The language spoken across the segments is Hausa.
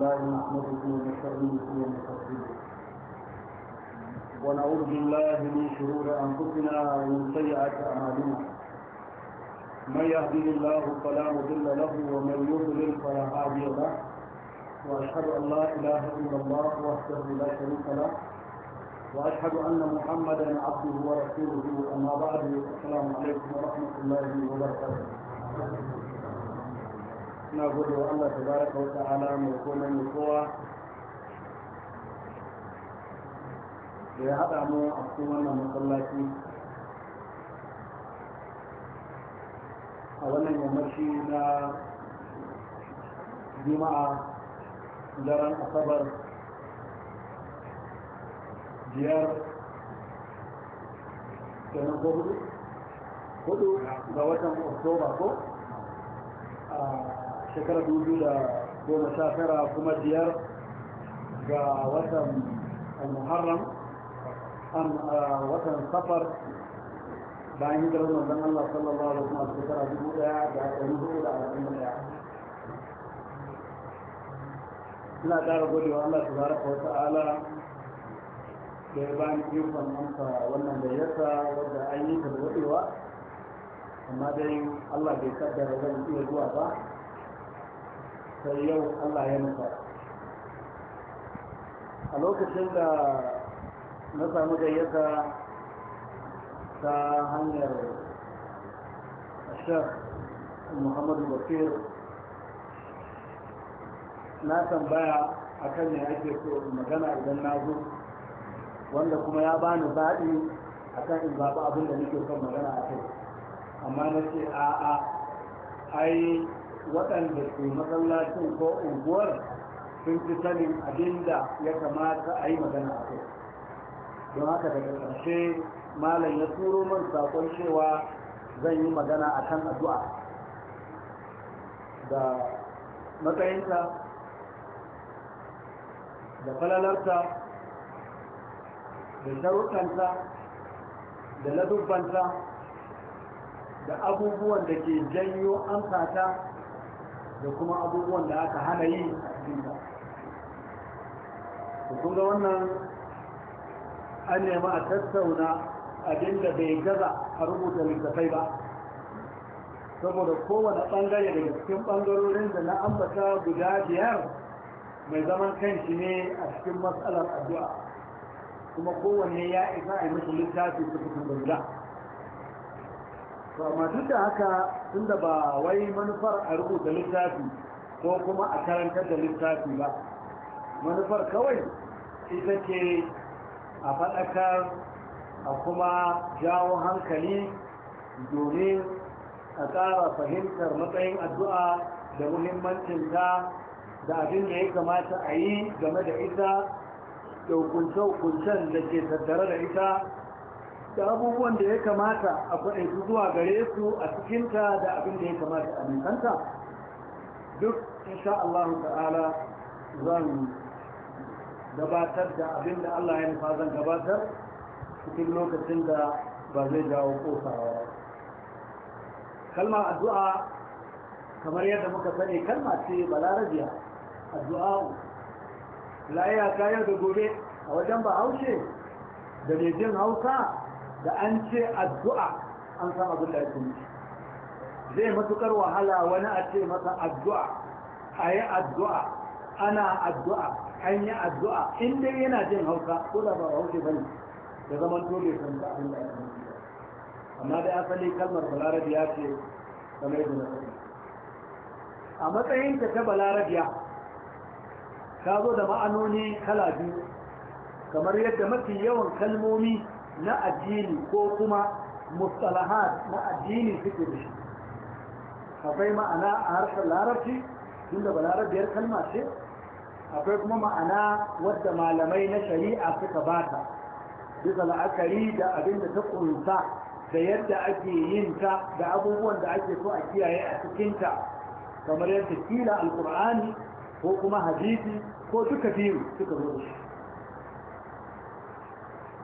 الله نحمده ونستعينه ونستغفره ونعوذ بالله من شرور انفسنا ومن سيئات اعمالنا من يهده الله فلا مضل له ومن يضلل فلا هادي له واشهد ان لا اله الا الله وحده لا شريك له واشهد ان محمدا عبده ورسوله اما بعد السلام عليكم ورحمه الله وبركاته na gode wa Allah ta baraka wa ta'ala mai kone mai kowa da ya haɗa mu a cikin wannan masallaci a wannan yammaci na juma'a daren asabar biyar kenan ko hudu hudu ga watan oktoba ko Shekara dubu da goma sha kuma biyar ga watan al-muharram an watan safar bayan hijirar manzon Allah sallallahu alaihi wasallam shekara dubu daya da ɗari hudu da arba'in ɗaya ina ƙara gode wa Allah tabaraka wa ta'ala da ya bani ikon amsa wannan da yasa wadda an yi ta da amma dai Allah bai kaddara zan iya zuwa ba sai yau Allah ya nufa a lokacin da na samu gayyata ta hanyar ashar muhammadu bashir na tambaya a kan ne ake so magana idan na zo wanda kuma ya bani zaɓi a kan in zaɓi abin da nake son magana a kai amma na ce a'a ai waɗanda ke masallacin ko unguwar sun fi sanin abin da ya kamata a yi magana a kai don haka daga ƙarshe malam ya turo man saƙon cewa zan yi magana a kan addu'a da matsayinta da falalarta da sharuɗanta da ladubbanta da abubuwan da ke janyo amsata da kuma abubuwan da aka hana yi a cikin kun ga wannan an nemi a tattauna abin da bai gaza a rubuta littattafai ba saboda kowane ɓangare daga cikin ɓangarorin da na ambata guda biyar mai zaman kanshi ne a cikin matsalar addu'a kuma kowanne ya isa a yi musu littafi su fitin da guda to amma duk da haka tunda ba wai manufar a rubuta littafi ko kuma a karantar da littafi ba manufar kawai ita ce a faɗakar a kuma jawo hankali domin a ƙara fahimtar matsayin addu'a da muhimmancinta da abin da ya kamata a yi game da ita da hukunce-hukuncen da ke tattare da ita da abubuwan da ya kamata a su zuwa gare su a cikinta da abin da ya kamata a nisanta duk insha Allah ta'ala mu gabatar da abin da Allah ya nufa zan gabatar cikin lokacin da ba zai jawo kosawa kalma addu'a kamar yadda muka sani kalma ce balarabiya addu'a la ya da gobe a wajen bahaushe da mai hausa da an ce addu'a an san abin da ya tuni zai matukar wahala wani a ce masa addu'a a yi addu'a ana addu'a an yi addu'a inda yana jin hauka, ko da ba hauke ba ne da zaman dole sun da abin da ya tuni amma da asali kalmar balarabiya ce kamar da na sani a matsayin ta ta balarabiya ka zo da ma'anoni kala biyu kamar yadda mafi yawan kalmomi na addini ko kuma mustalahat na addini suke da shi akwai ma'ana a harshen larabci tunda ba larabiyar kalma ce akwai kuma ma'ana wadda malamai na shari'a suka bata duka la'akari da abin da ta kunsa da yadda ake yin ta da abubuwan da ake so a kiyaye a cikinta kamar yadda kila alkur'ani ko kuma hadisi ko duka biyu suka zo shi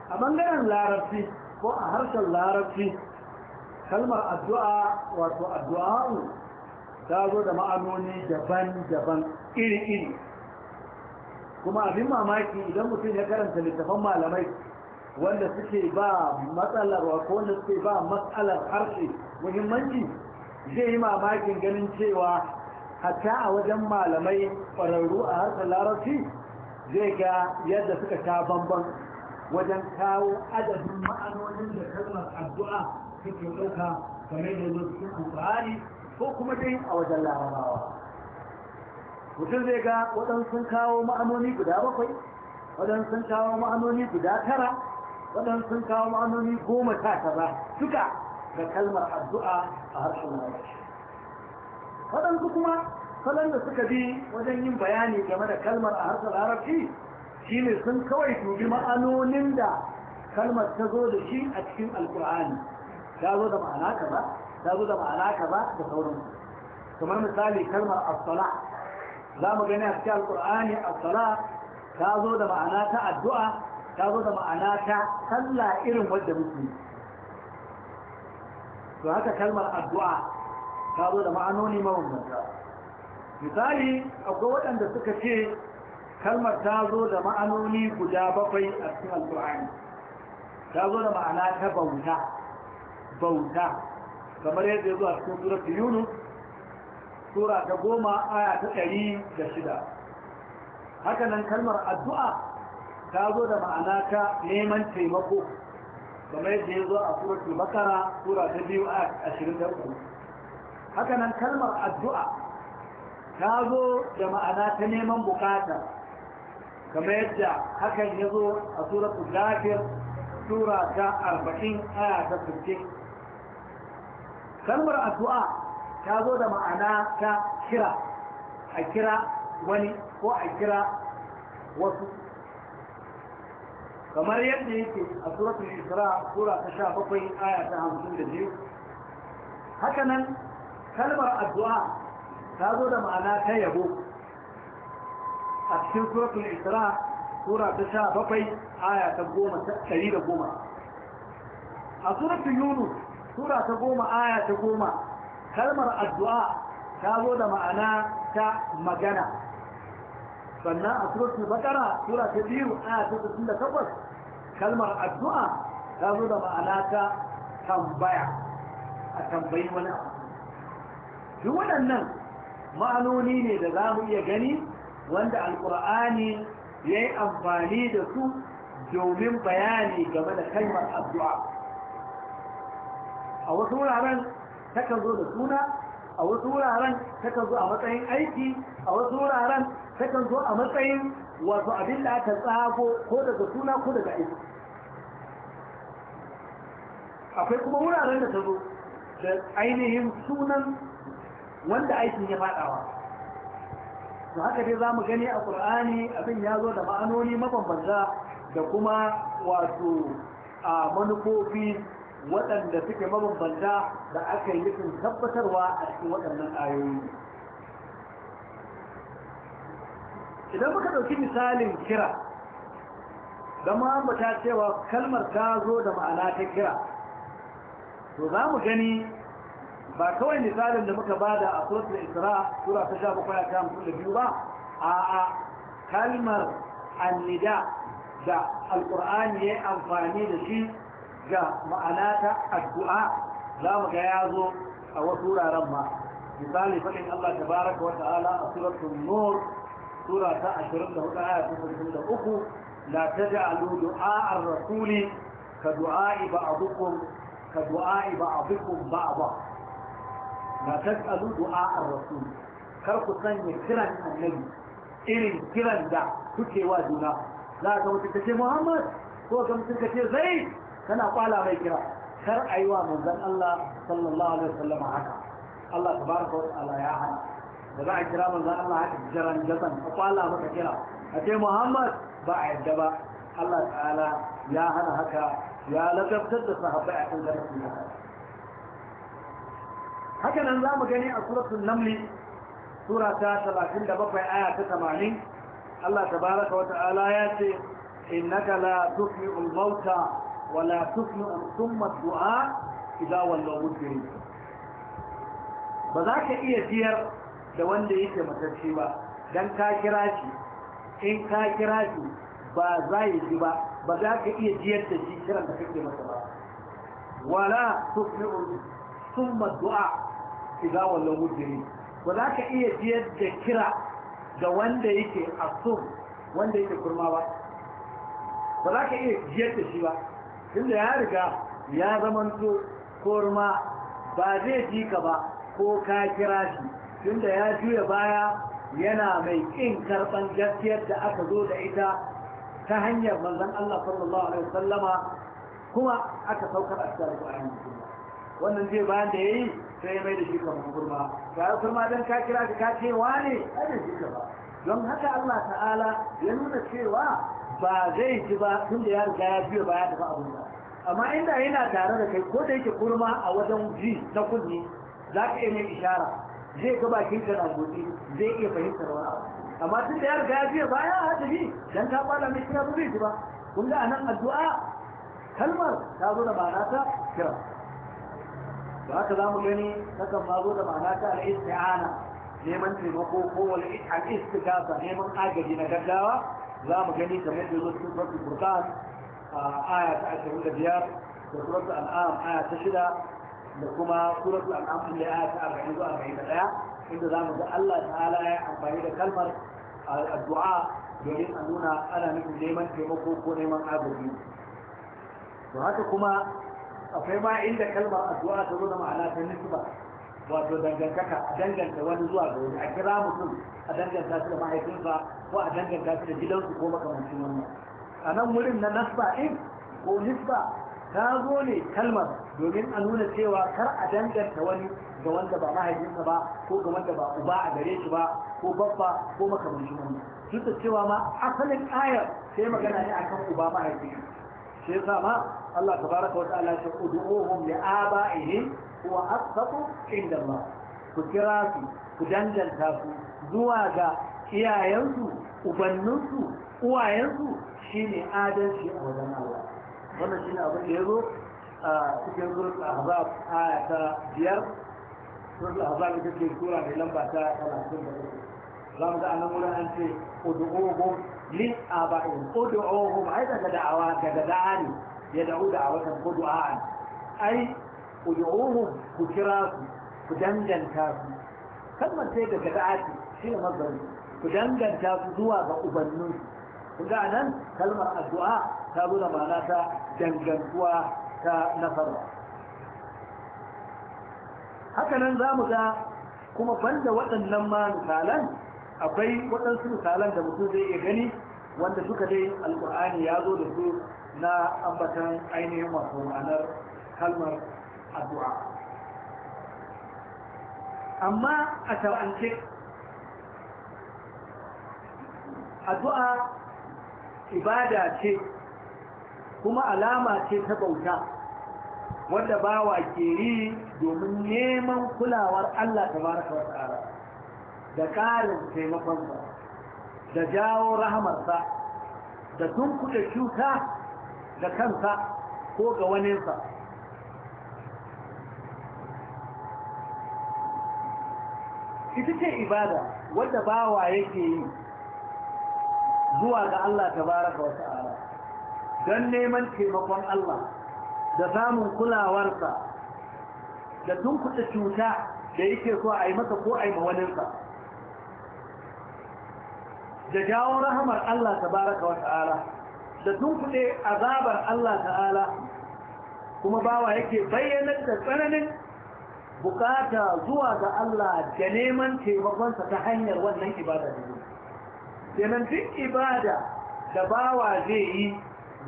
a ɓangaren larabci ko a harshen larabci kalmar addu'a wato addu'a'u ta zo da ma'anoni daban-daban iri-iri kuma abin mamaki idan mutum ya karanta littafan malamai wanda suke ba matsalar ko wanda suke ba matsalar harshe muhimmanci zai yi mamakin ganin cewa hatta a wajen malamai ƙwararru a harshen larabci zai ga yadda suka ta bambam wajen kawo adadin ma'anonin da kalmar addu'a suke ɗauka kamar da zo cikin alƙur'ani ko kuma dai a wajen larabawa mutum zai ga waɗansu sun kawo ma'anoni guda bakwai waɗansu sun kawo ma'anoni guda tara waɗansu sun kawo ma'anoni goma sha kaza duka ga kalmar addu'a a harshen larabci waɗansu kuma salon da suka bi wajen yin bayani game da kalmar a harshen larabci shi ne sun kawai tubi ma'anonin da kalmar ta zo da shi a cikin alkur'ani ta zo da ma'ana ka kaza ta zo da ma'ana ka ba da sauransu kamar misali kalmar as-sala za mu gani a cikin alkur'ani as-sala ta zo da ma'ana ta addu'a ta zo da ma'ana ta sallah irin wadda muke to haka kalmar addu'a ta zo da ma'anoni mabambanta misali akwai waɗanda suka ce kalmar ta zo da ma'anoni guda bakwai a cikin alƙur'ani ta zo da ma'ana ta bauta bauta kamar yadda ya zo a cikin surat yunus sura ta goma aya ta ɗari da shida haka nan kalmar addu'a ta zo da ma'ana ta neman taimako kamar yadda ya zo a suratul bakara sura ta biyu a ashirin da uku haka nan kalmar addu'a ta zo da ma'ana ta neman bukata kamar yadda hakan ya zo a suratul gafir sura ta arba'in aya ta sittin kalmar addu'a ta zo da ma'ana ta kira a kira wani ko a kira wasu kamar yadda yake a suratul isra sura ta sha bakwai aya ta hamsin da biyu haka nan kalmar addu'a ta zo da ma'ana ta yabo a cikin suratul isra sura ta sha bakwai aya ta goma ɗari da goma a suratul yunus sura ta goma aya ta goma kalmar addu'a ta zo da ma'ana ta magana sannan a suratul bakara sura ta biyu aya ta sittin da takwas kalmar addu'a ta zo da ma'ana ta tambaya a tambayi wani abu duk waɗannan ma'anoni ne da za mu iya gani wanda alƙur'ani ya yi amfani da su domin bayani game da kalmar addu'a a wasu wuraren takan zo da suna a wasu wuraren takan zo a matsayin aiki a wasu wuraren takan zo a matsayin wato abin da aka tsago ko daga suna ko daga aiki akwai kuma wuraren da ta zo da ainihin sunan wanda aikin ya faɗawa to haka dai za mu gani a ƙur'ani abin ya zo da ma'anoni mabambanta da kuma wato a manufofi waɗanda suke mabambanta da aka yi nufin tabbatarwa a cikin waɗannan ayoyi idan muka ɗauki misalin kira mu ma'ambata cewa kalmar ta zo da ma'ana ta kira to za mu gani ba kawai misalin da muka bada a suratul isra sura ta sha bakwai ta hamsin da biyu ba a'a kalmar annida da alqur'ani ya amfani da shi ga ma'ana ta addu'a za mu ga ya zo a wasu wuraren ma misali faɗin Allah tabaraka wa ta'ala a suratul nur sura ta 24 aya ta 63 la taj'alu du'a ar-rasuli ka du'a ba'dukum ka du'a ba'dukum ba'dha la tas'alu du'a ar-rasul kar ku sanya kiran annabi irin kiran da kuke wa juna za ka mutu kace Muhammad ko ka mutu kace Zaid kana kwala mai kira kar aiwa manzon Allah sallallahu alaihi wasallam haka Allah tabaraka wa ta'ala ya hana da za a kira manzon Allah haka jaran jasan ka kwala maka kira a ce Muhammad ba a yadda ba Allah ta'ala ya hana haka ya ladabtar da sahabbai a kan garafin haka haka nan za mu gani a suratul namli talatin da 37 aya ta tamanin? Allah tabaraka wa ta'ala ya ce innaka la tusmi'ul mauta wa la tusmi'u thumma du'a idza wallaw mudbirin ba za ka iya jiyar da wanda yake matacce ba dan ka kira shi in ka kira shi ba za yi ji ba ba za ka iya jiyar da shi kiran da kake masa ba wala tusmi'u ثم الدعاء إذا ولو مدري da wanda yake asum wanda yake kurma ba ba za ka iya jiyar da shi ba tunda ya riga ya zamanto kurma ba zai ji ka ba ko ka kira shi tunda ya juya baya yana mai ƙin karɓar gaskiyar da aka zo da ita ta hanyar manzon Allah sallallahu alaihi wasallama kuma aka saukar a cikin wannan zai bayan da yi sai ya mai da shi kamar kurma yi kurma don ka kira ka ka ce wa ne da shi ba don haka Allah ta'ala ya nuna cewa ba zai ji ba tun da ya riga ya biyo ya da abin ba amma inda yana tare da kai ko da yake kurma a wajen ji na kunni za ka iya mai ishara zai ga bakin ka na zai iya fahimtar wani amma tun da ya riga ya biyo baya a bi dan ka kwala mai kira ba zai ji ba kun ga anan addu'a kalmar ta zo da na ta kira da haka za mu gani takan ma zo da ma'ana ta al'isti'ana neman taimako ko wal al'istigasa neman agaji na gaggawa za mu gani kamar yadda zo cikin suratul furqan aya ta ashirin da biyar da suratul an'am aya ta shida da kuma suratul an'am ɗin aya ta arba'in zuwa arba'in da ɗaya inda za mu ga Allah ta'ala ya amfani da kalmar addu'a domin a nuna ana nufin neman taimako ko neman agaji to haka kuma akwai ma inda kalmar addu'a ta zo ma'ana ta nisba wato dangantaka a danganta wani zuwa ga wani a kira mutum a danganta su da mahaifinsa ko a danganta su da gidansu ko makamancin wani. a nan wurin na nasba in ko nisba ta zo ne kalmar domin a nuna cewa kar a danganta wani ga wanda ba mahaifinsa ba ko ga wanda ba uba a gare shi ba ko babba ko makamancin wani. duk da cewa ma asalin ayar sai magana ne akan uba mahaifi sai sa ma Allah tabaraka wa ta'ala ya ce ud'uhum li aba'ihim huwa aqsatu inda Allah ku kira su ku danganta su zuwa ga iyayensu ubanninsu uwayensu shine adalci a wajen Allah wannan shine abin da yazo a cikin surat ahzab aya ta biyar surat ahzab ita ce sura mai lamba ta 33 zamu ga anan wurin an ce ud'uhum li aba'ihim ud'uhum ai daga da'awa daga da'ani ya da a watan ko du'a'an ai ku du'uhum ku kira su ku danganta su kalmar sai da gada'ati shi ne mazari ku danganta su zuwa ga ubannin ku ga nan kalmar addu'a ta nuna ma'ana ta dangantuwa ta nasara haka nan za mu ga kuma banda waɗannan ma misalan akwai waɗansu misalan da mutum zai iya gani wanda suka dai alƙur'ani ya zo da su na ambatan ainihin wato ma'anar kalmar addu'a amma a shar'ance addu'a ibada ce kuma alama ce ta bauta wanda bawa ke yi domin neman kulawar Allah baraka wa ta'ala da ƙarin taimakonsa da jawo rahamarsa da tun kuɗe cuta ga kansa ko ga waninsa ita ce ibada wadda bawa yake yi zuwa ga Allah tabaraka wa Ala, don neman taimakon Allah da samun kulawarsa da tunkuta cuta da yake so a yi masa ko a yi mawaninsa da jawo rahamar Allah tabaraka wa Ala. da tunkuɗe azabar Allah ta'ala kuma bawa yake bayyanar da tsananin bukata zuwa ga Allah da neman taimakonsa ta hanyar wannan ibada da nan duk ibada da bawa zai yi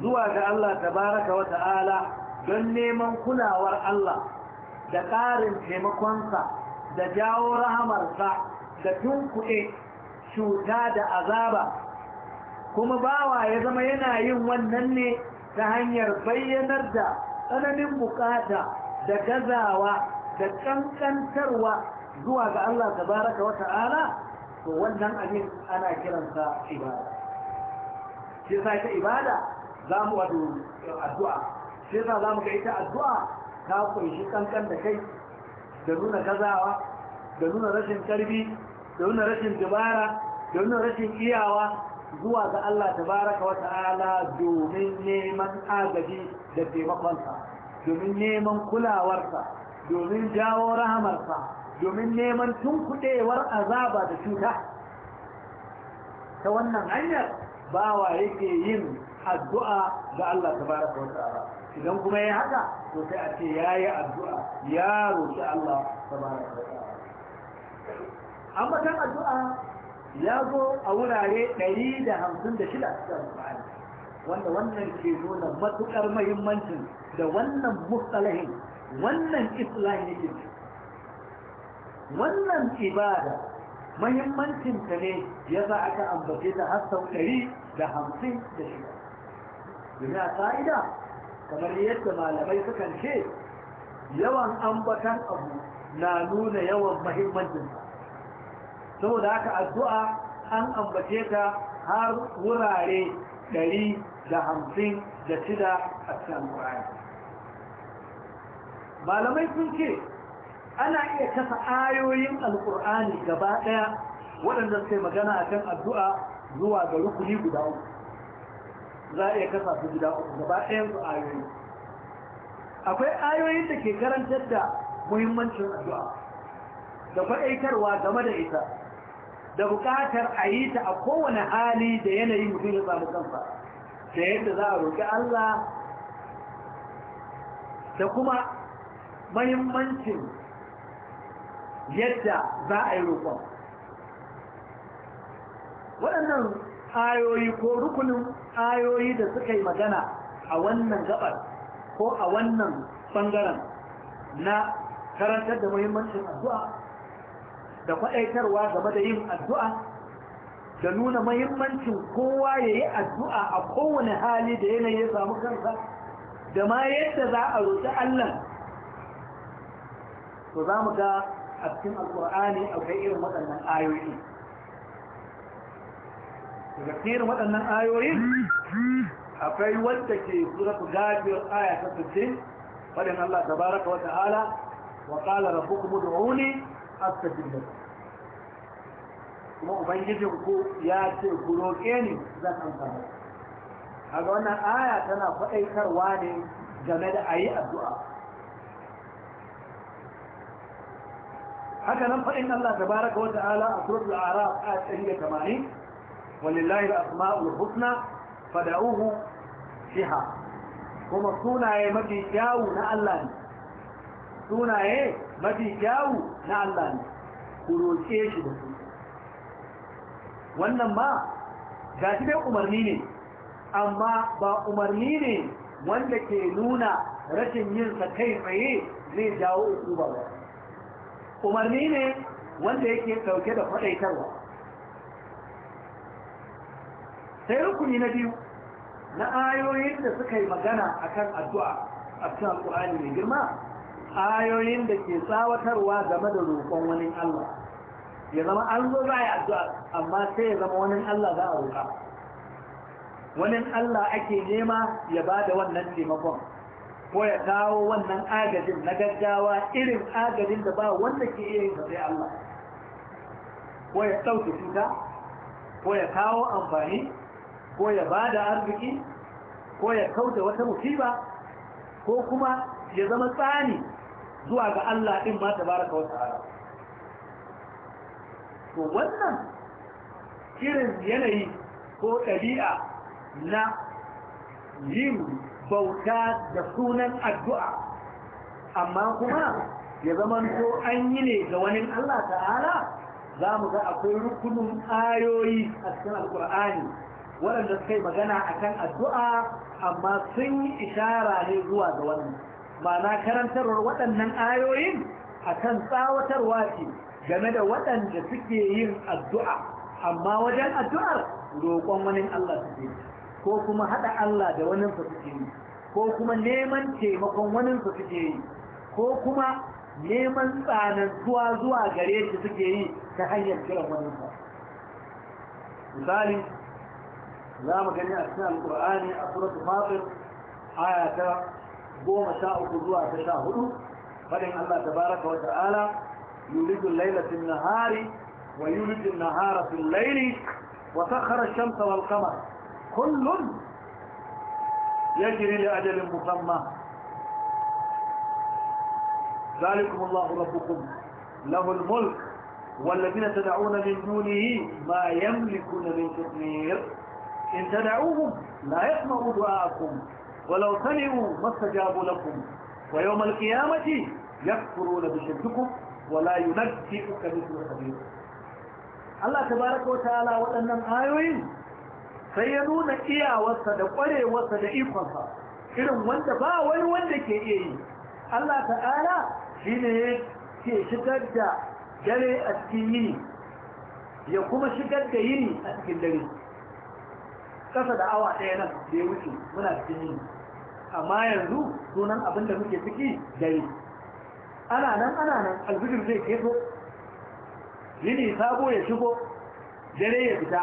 zuwa ga Allah tabaraka wa ta'ala don neman kulawar Allah da ƙarin taimakonsa da jawo rahamarsa da tunkuɗe cuta da azaba kuma bawa ya zama yana yin wannan ne ta hanyar bayyanar da tsananin bukata da gazawa da kankantarwa zuwa ga Allah baraka wa ta'ala to wannan abin ana kiransa ibada shi yasa ita ibada za mu wato addu'a shi yasa za mu ga ita addu'a ta kunshi kankan da kai da nuna gazawa da nuna rashin karbi da nuna rashin dubara da nuna rashin iyawa zuwa ga Allah baraka wa ta'ala domin neman agaji da taimakonsa domin neman kulawarsa domin jawo rahamarsa domin neman tunkuɗewar azaba da cuta ta wannan hanyar bawa yake yin addu'a ga Allah baraka wa ta'ala idan kuma ya haka to sai a ce yayi addu'a ya roƙi Allah baraka wa ta'ala ambatan addu'a ya zo a wurare 156 a cikin alƙur'ani wanda wannan ke nuna matuƙar mahimmancin da wannan mustalahin wannan islahi ne wannan ibada mahimmancin ta ne ya za aka ambace ta har sau ɗari da hamsin da shida kamar yadda malamai sukan ce yawan ambatan abu na nuna yawan mahimmancinsa saboda haka addu'a an ambace ta har wurare ɗari da hamsin da shida a cikin Qur'ani malamai sun ce ana iya kasa ayoyin Alƙur'ani gaba ɗaya waɗanda suke magana a kan addu'a zuwa ga rukuni guda uku za a iya kasa su guda uku gaba ɗayan su ayoyi akwai ayoyin da ke karantar da muhimmancin addu'a da faɗaitarwa game da ita da bukatar a yi ta a kowane hali da yanayi mutum ya samu kansa da yadda za a roƙi Allah da kuma mahimmancin yadda za a yi roƙon waɗannan ayoyi ko rukunin ayoyi da suka yi magana a wannan gabar ko a wannan ɓangaren na karantar da mahimmancin addu'a da faɗaitarwa game da yin addu'a da nuna mahimmancin kowa ya yi addu'a a kowane hali da yanayi ya samu kansa da ma yadda za a roƙi Allah to za mu ga a cikin alƙur'ani kai irin waɗannan ayoyi daga irin waɗannan ayoyi akwai wadda ke suratu gafiyar aya ta 60 faɗin Allah tabaraka wa ta'ala wa qala rabbukum ud'uni astajib lakum kuma ubangijin ku ya ce ku roƙe ni zan amfana ga wannan aya tana faɗaitarwa ne game da ayi addu'a haka nan faɗin Allah tabaraka wa ta'ala a a suratul a'raf ayat 180 walillahi da asmaul husna fad'uhu shiha kuma sunaye mafi kyawu na Allah ne sunaye mafi kyawu na Allah ne ku roƙe shi da su wannan ma ga shi dai umarni ne amma ba umarni ne wanda ke nuna rashin yinsa kai tsaye zai jawo ukuba ba umarni ne wanda yake dauke da faɗaitarwa sai rukuni na biyu na ayoyin da suka yi magana akan addu'a a cikin alƙur'ani mai girma ayoyin da ke tsawatarwa game da roƙon wani Allah ya zama an zo za a yi addu'a amma sai ya zama wani Allah za a roƙa wani Allah ake nema ya ba da wannan taimakon ko ya kawo wannan agajin na gaggawa irin agajin da ba wanda ke iya yin sai Allah ko ya ɗauke cuta ko ya kawo amfani ko ya ba da arziki ko ya kauta wata musiba ko kuma ya zama tsani zuwa ga Allah ɗin ma baraka wata ta'ala to wannan irin yanayi ko ɗabi'a na yin bauta da sunan addu'a amma kuma ya zama ko an yi ne ga wani Allah ta'ala za mu ga akwai rukunin ayoyi a cikin alkur'ani waɗanda suka yi magana a kan addu'a amma sun yi ishara ne zuwa ga wannan ma'ana karantarwar waɗannan ayoyin a kan tsawatarwa ce game da waɗanda suke yin addu'a amma wajen addu'ar roƙon wani Allah suke yi ko kuma haɗa Allah da wani suke yi ko kuma neman taimakon wani suke yi ko kuma neman tsanantuwa zuwa gare shi suke yi ta hanyar kiran wani misali za mu gani a cikin alƙur'ani a suratul fatir aya ta goma sha uku zuwa ta sha hudu faɗin Allah tabaraka wa ta'ala يولد الليل في النهار ويولد النهار في الليل وسخر الشمس والقمر كل يجري لأجل مسمى ذلكم الله ربكم له الملك والذين تدعون من دونه ما يملكون من تثمير إن تدعوهم لا يسمعوا دعاءكم ولو سمعوا ما استجابوا لكم ويوم القيامة يكفرون بشدكم wala yunabbi'uka mithlu khabir Allah tabaraka wataala waɗannan ayoyin sai ya nuna iyawarsa da ƙwarewarsa da ikonsa irin wanda ba wani wanda ke iya yi Allah ta'ala shine ke shigar da dare a cikin yini ya kuma shigar da yini a cikin dare kasa da awa ɗaya nan da ya wuce muna cikin yini amma yanzu sunan abin da muke ciki dare ana nan ana nan alfijir zai keto yini sabo ya shigo dare ya fita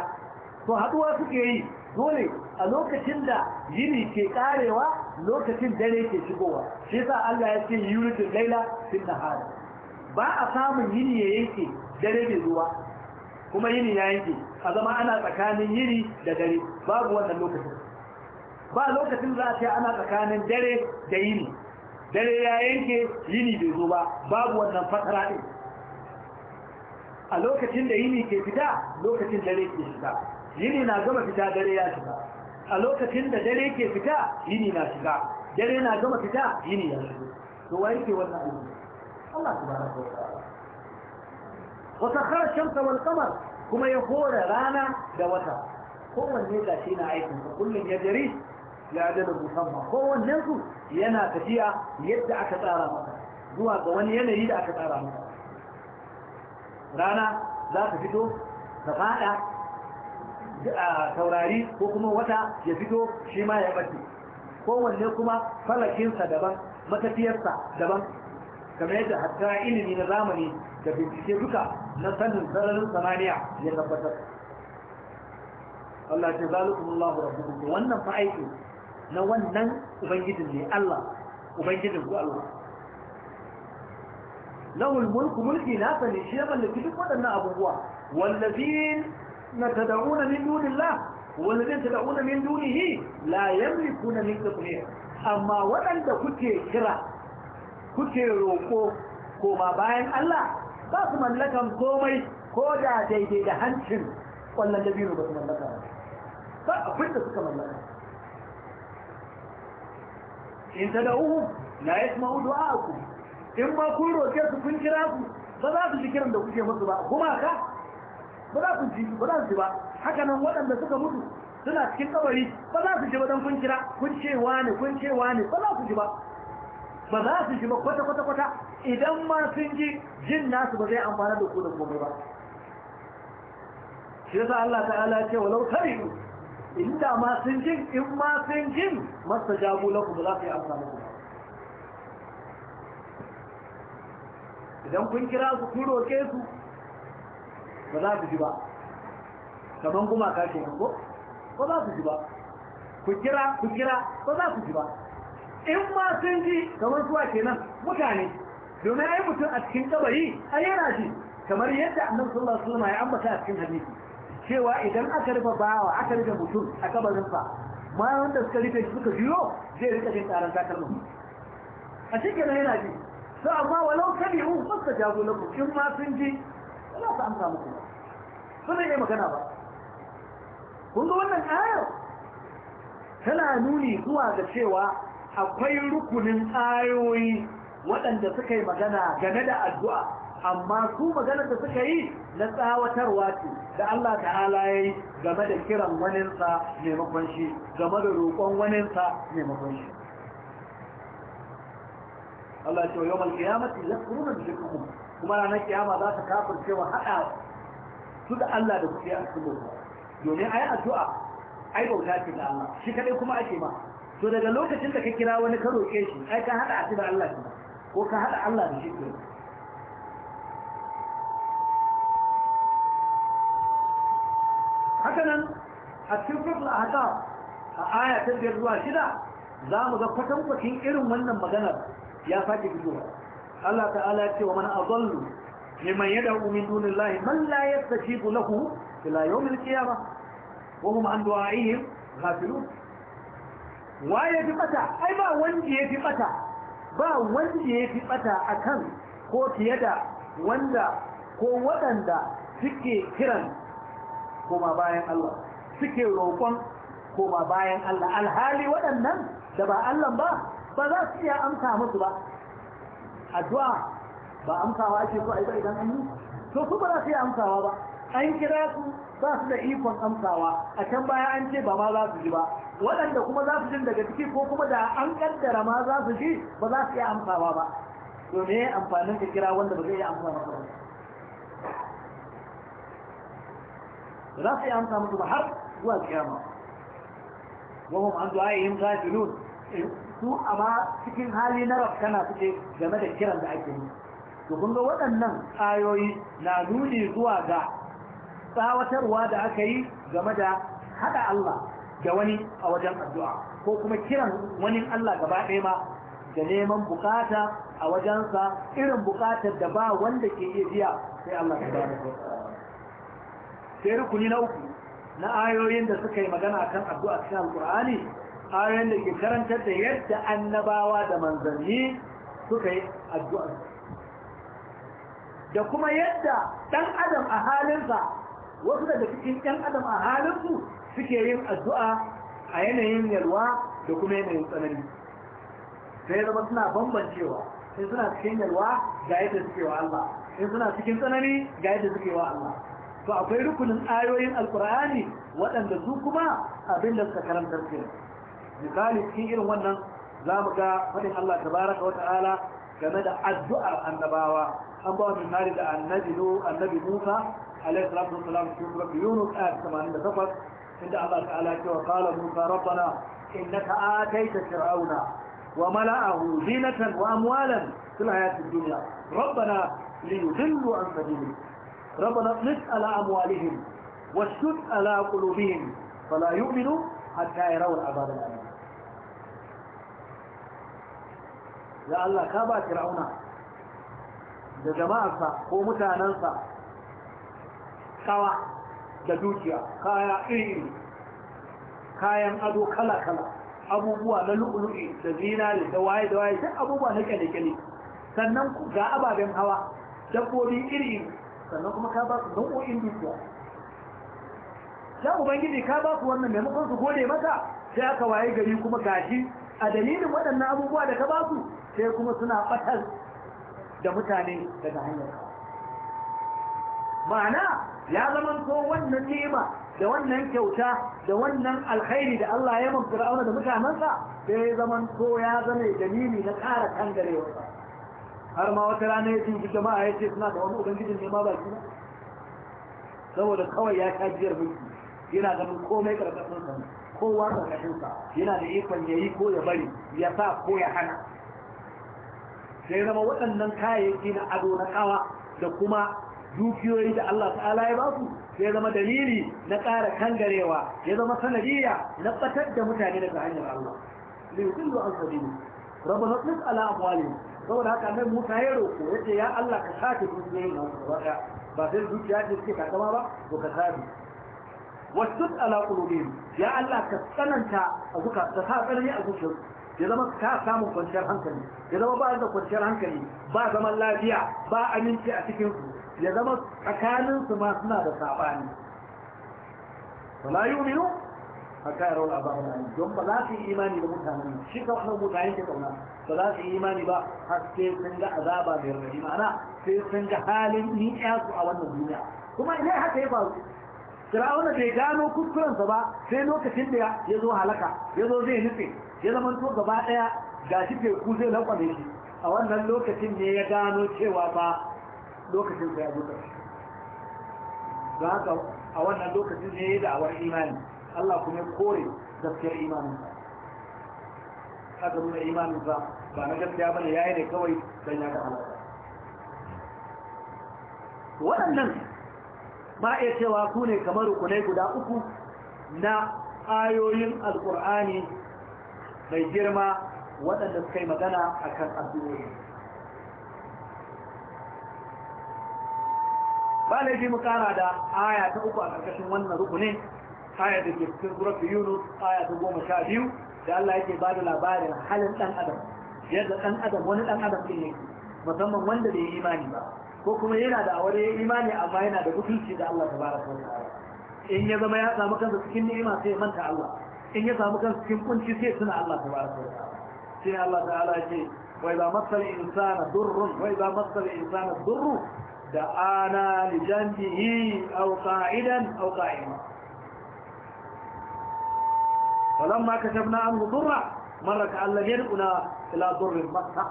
to haduwa suke yi dole a lokacin da yini ke karewa lokacin dare ke shigowa shi yasa Allah ya ce yuritul laila fil nahar ba a samun yini ya yanke dare bai zuwa kuma yini ya yanke a zama ana tsakanin yini da dare babu wannan lokacin ba lokacin za a ce ana tsakanin dare da yini dare ya yanke yini bai zo ba babu wannan fatara ɗin a lokacin da yini ke fita lokacin dare ke shiga yini na gama fita dare ya shiga a lokacin da dare ke fita yini na shiga dare na gama fita yini ya shiga to wa yake wannan abu Allah subhanahu wa ta'ala wa sakhara shamsa wal qamar kuma ya hora rana da wata kowanne shi na aikin kullum ya jari ya da musamman kowannen su yana tafiya yadda aka tsara maka zuwa ga wani yanayi da aka tsara maka rana za ta fito ta fada a taurari ko kuma wata ya fito shi ma ya ɓace kowanne kuma falakinsa daban matafiyarsa daban kamar yadda hatta ilimi na zamani da bincike duka na sanin sararin samaniya ya tabbatar Allah ce zalikumullahu rabbukum wannan fa aiki na wannan ubangijin ne Allah ubangijin ku Allah lahul mulku mulki na sani shi ya mallaki duk waɗannan abubuwa wallazin na tad'una min dunillah wallazin tad'una min dunihi la yamlikuna min qatmir amma waɗanda kuke kira kuke roƙo ba bayan Allah ba su mallakan komai ko da daidai da hancin ƙwallon dabino ba su mallaka ba ba abin da suka mallaka in ta da'uhu la a aku in ma kun roke su kun kira ku ba za su ji kiran da kuke masu ba kuma ka ba za su ji ba za su ji ba haka nan waɗanda suka mutu suna cikin kabari ba za su ji ba don kun kira kun ce ne? kun ce ne? ba za su ji ba ba za su ji ba kwata kwata kwata idan ma sun ji jin nasu ba zai amfana da ku da komai ba shi yasa Allah ta'ala ce walau tarihu inda ma sun jin in ma sun jin masa jago laku ba za su yi amsa muku idan kun kira su kun roke su ba za su ji ba kamar kuma ka ce ko ba za su ji ba ku kira ku kira ba za su ji ba in ma sun ji kamar suwa kenan mutane domin ai mutum a cikin kabari a yana shi kamar yadda annabi sallallahu alaihi wasallam ya ambata a cikin hadisi cewa idan aka rufe bawa aka rufe mutum a kabarinsa ma wanda suka rufe shi suka biyo zai rika shi tsaron takalmin a cikin yana ji to amma walau sami'u fasta jago na kin ma sun ji ba su amsa muku ba zai yi magana ba kun ga wannan ayar tana nuni zuwa ga cewa akwai rukunin ayoyi waɗanda suka yi magana game da addu'a amma su maganar da suka yi na tsawatarwa ce da Allah ta'ala ya yi game da kiran waninsa maimakon shi game da roƙon waninsa maimakon shi Allah ce wa yawmal ya yakfuruna bi shirkikum kuma ranar kiyama za ta kafin cewa haɗa su da Allah da kuke a cikin domin yi addu'a ai bauta ce da Allah shi kadai kuma ake ma to daga lokacin da ka kira wani ka roke shi ai ka haɗa shi da Allah ko ka haɗa Allah da shi kenan haka nan a cikin fasul ahqaf a aya ta biyar zuwa shida za mu ga kwatankwacin irin wannan maganar ya sake fitowa Allah ta'ala ya ce wa man azallu mimman yad'u min dunillahi man la yastajibu lahu ila yawmil qiyamah wa hum an du'a'ihim ghafilun wa ya fi bata ai ba wanda ya fi bata ba wanda ya fi bata akan ko fiye da wanda ko waɗanda suke kiran koma bayan Allah suke roƙon koma bayan Allah alhali waɗannan da ba Allah ba ba za su iya amsa musu ba addu'a ba amsawa ake so a yi ba idan an yi to su ba za su iya amsawa ba an kira su za su da ikon amsawa a can baya an ce ba ma za su ji ba waɗanda kuma za su jin daga ciki ko kuma da an kaddara ma za su ji ba za su iya amsawa ba to me amfanin ka kira wanda ba zai iya amsa maka ba ba za su yi amsa musu ba har zuwa kiyama wahum an du'a'ihim ghafilun su amma cikin hali na rafkana suke game da kiran da ake yi to kun ga waɗannan ayoyi na nuni zuwa ga tsawatarwa da aka yi game da haɗa Allah da wani a wajen addu'a ko kuma kiran wani Allah gaba ɗaya ma da neman bukata a wajensa irin bukatar da ba wanda ke iya biya sai Allah ya bada sai rukuni na uku na ayoyin da suka yi magana kan addu'a cikin alkur'ani ayoyin da ke karantar da yadda annabawa da manzanni suka yi addu'a da kuma yadda ɗan adam a halinsa wasu daga cikin ɗan adam a halinsu suke yin addu'a a yanayin yalwa da kuma yanayin tsanani sai zama suna bambancewa in suna cikin yalwa ga yadda suke wa Allah in suna cikin tsanani ga yadda suke wa Allah to akwai rukunin ayoyin alkur'ani waɗanda su kuma abin da suka karantar ke misali cikin irin wannan za mu ga faɗin Allah tabaraka wa ta'ala game da addu'ar annabawa an ba mu mari da annabi nu annabi Musa alaihi salatu wassalam cikin surat Yunus ayat takwas, inda Allah ta'ala ya ce wa qala Musa rabbana innaka ataita fir'auna wa mala'ahu zinatan wa amwalan fil hayati dunya rabbana liyudillu an sabilika ربنا اطلق على أموالهم واشتد على قلوبهم فلا يؤمنوا حتى يروا العباد الأمين يا الله كابا ترعونا ده جماعة ومتانا سوا جدوتيا كايا إيه كايا ابو كلا كلا أبو بوا للؤلؤي تزينا لدواي دواي أبو بوا نكا نكا نكا سننكو جاء أبا بمهوا جبوا بي إيه sannan kuma ka ba su nau'o'in dukiya ya ubangiji ka ba su wannan maimakon su gode maka sai aka waye gari kuma gashi a dalilin waɗannan abubuwa da ka ba su sai kuma suna fatar da mutane daga hanyar ma'ana ya zama zamanto wannan nima, da wannan kyauta da wannan alkhairi da Allah ya mamfira fir'auna da mutanensa sai ko ya zama dalili na ƙara tangarewa. har ma wata rana ya tunji jama'a ya ce suna da wani ubangijin ne ma ba shi saboda kawai ya sha jiyar mulki yana ganin komai karkashin sa kowa karkashin sa yana da ikon ya yi ko ya bari ya sa ko ya hana sai zama waɗannan kayayyaki na ado na kawa da kuma dukiyoyi da Allah ta'ala ya ba su sai zama dalili na ƙara kangarewa ya zama sanadiyya na ɓatar da mutane daga hanyar Allah liyudillu an sabili rabbana tsis ala amwalihim saboda haka nan musa ya roƙo ya ce ya Allah ka sake dukiyoyin nan wata ba sai dukiya ce suke kakama ba to ka sabi wasu ala qulubihim ya Allah ka tsananta a zuka ka sa tsanani a zuciyar ya zama ka samu kwanciyar hankali ya zama ba da kwanciyar hankali ba zaman lafiya ba aminci a cikin su ya zama tsakanin su ma suna da sabani wala yu'minu haka rawar aba'una don ba za su yi imani da mutanen shi ka wannan mutanen ke kauna ba za su yi imani ba har sai sun ga azaba mai rabi ma'ana sai sun ga halin ni su a wannan duniya kuma idan haka ya faru Fir'auna bai gano kuskurensa ba sai lokacin da ya zo halaka ya zo zai nufi ya zama to gaba daya gashi teku zai lankwame shi a wannan lokacin ne ya gano cewa ba lokacin sa ya zo ba haka a wannan lokacin ne ya da'awar imani Allah kuma ya kore gaskiyar imanin sa aka nuna imanin sa ba na gaskiya bane yayi ne kawai dan ya ga Allah waɗannan ba iya cewa su ne kamar rukunai guda uku na ayoyin Alƙur'ani mai girma waɗanda suka yi magana a kan addu'o'i ba laifi mu kara da aya ta uku a ƙarƙashin wannan rukunin aya da ke cikin suratul yunus aya ta goma sha biyu da Allah yake ba da labarin halin dan adam yadda dan adam wani dan adam din yake musamman wanda bai yi imani ba ko kuma yana da aure ya imani amma yana da mutunci da Allah tabaraka wa ta'ala in ya zama ya samu kansa cikin ni'ima sai ya manta Allah in ya samu kansa cikin kunci sai tuna Allah tabaraka wa ta'ala sai Allah ta'ala yake wa idza masal insana durrun wa idza masal insana durru da ana li janbihi aw qa'idan aw qa'iman falamma katabna anhu durra marra ka Allah yarquna ila durrin masa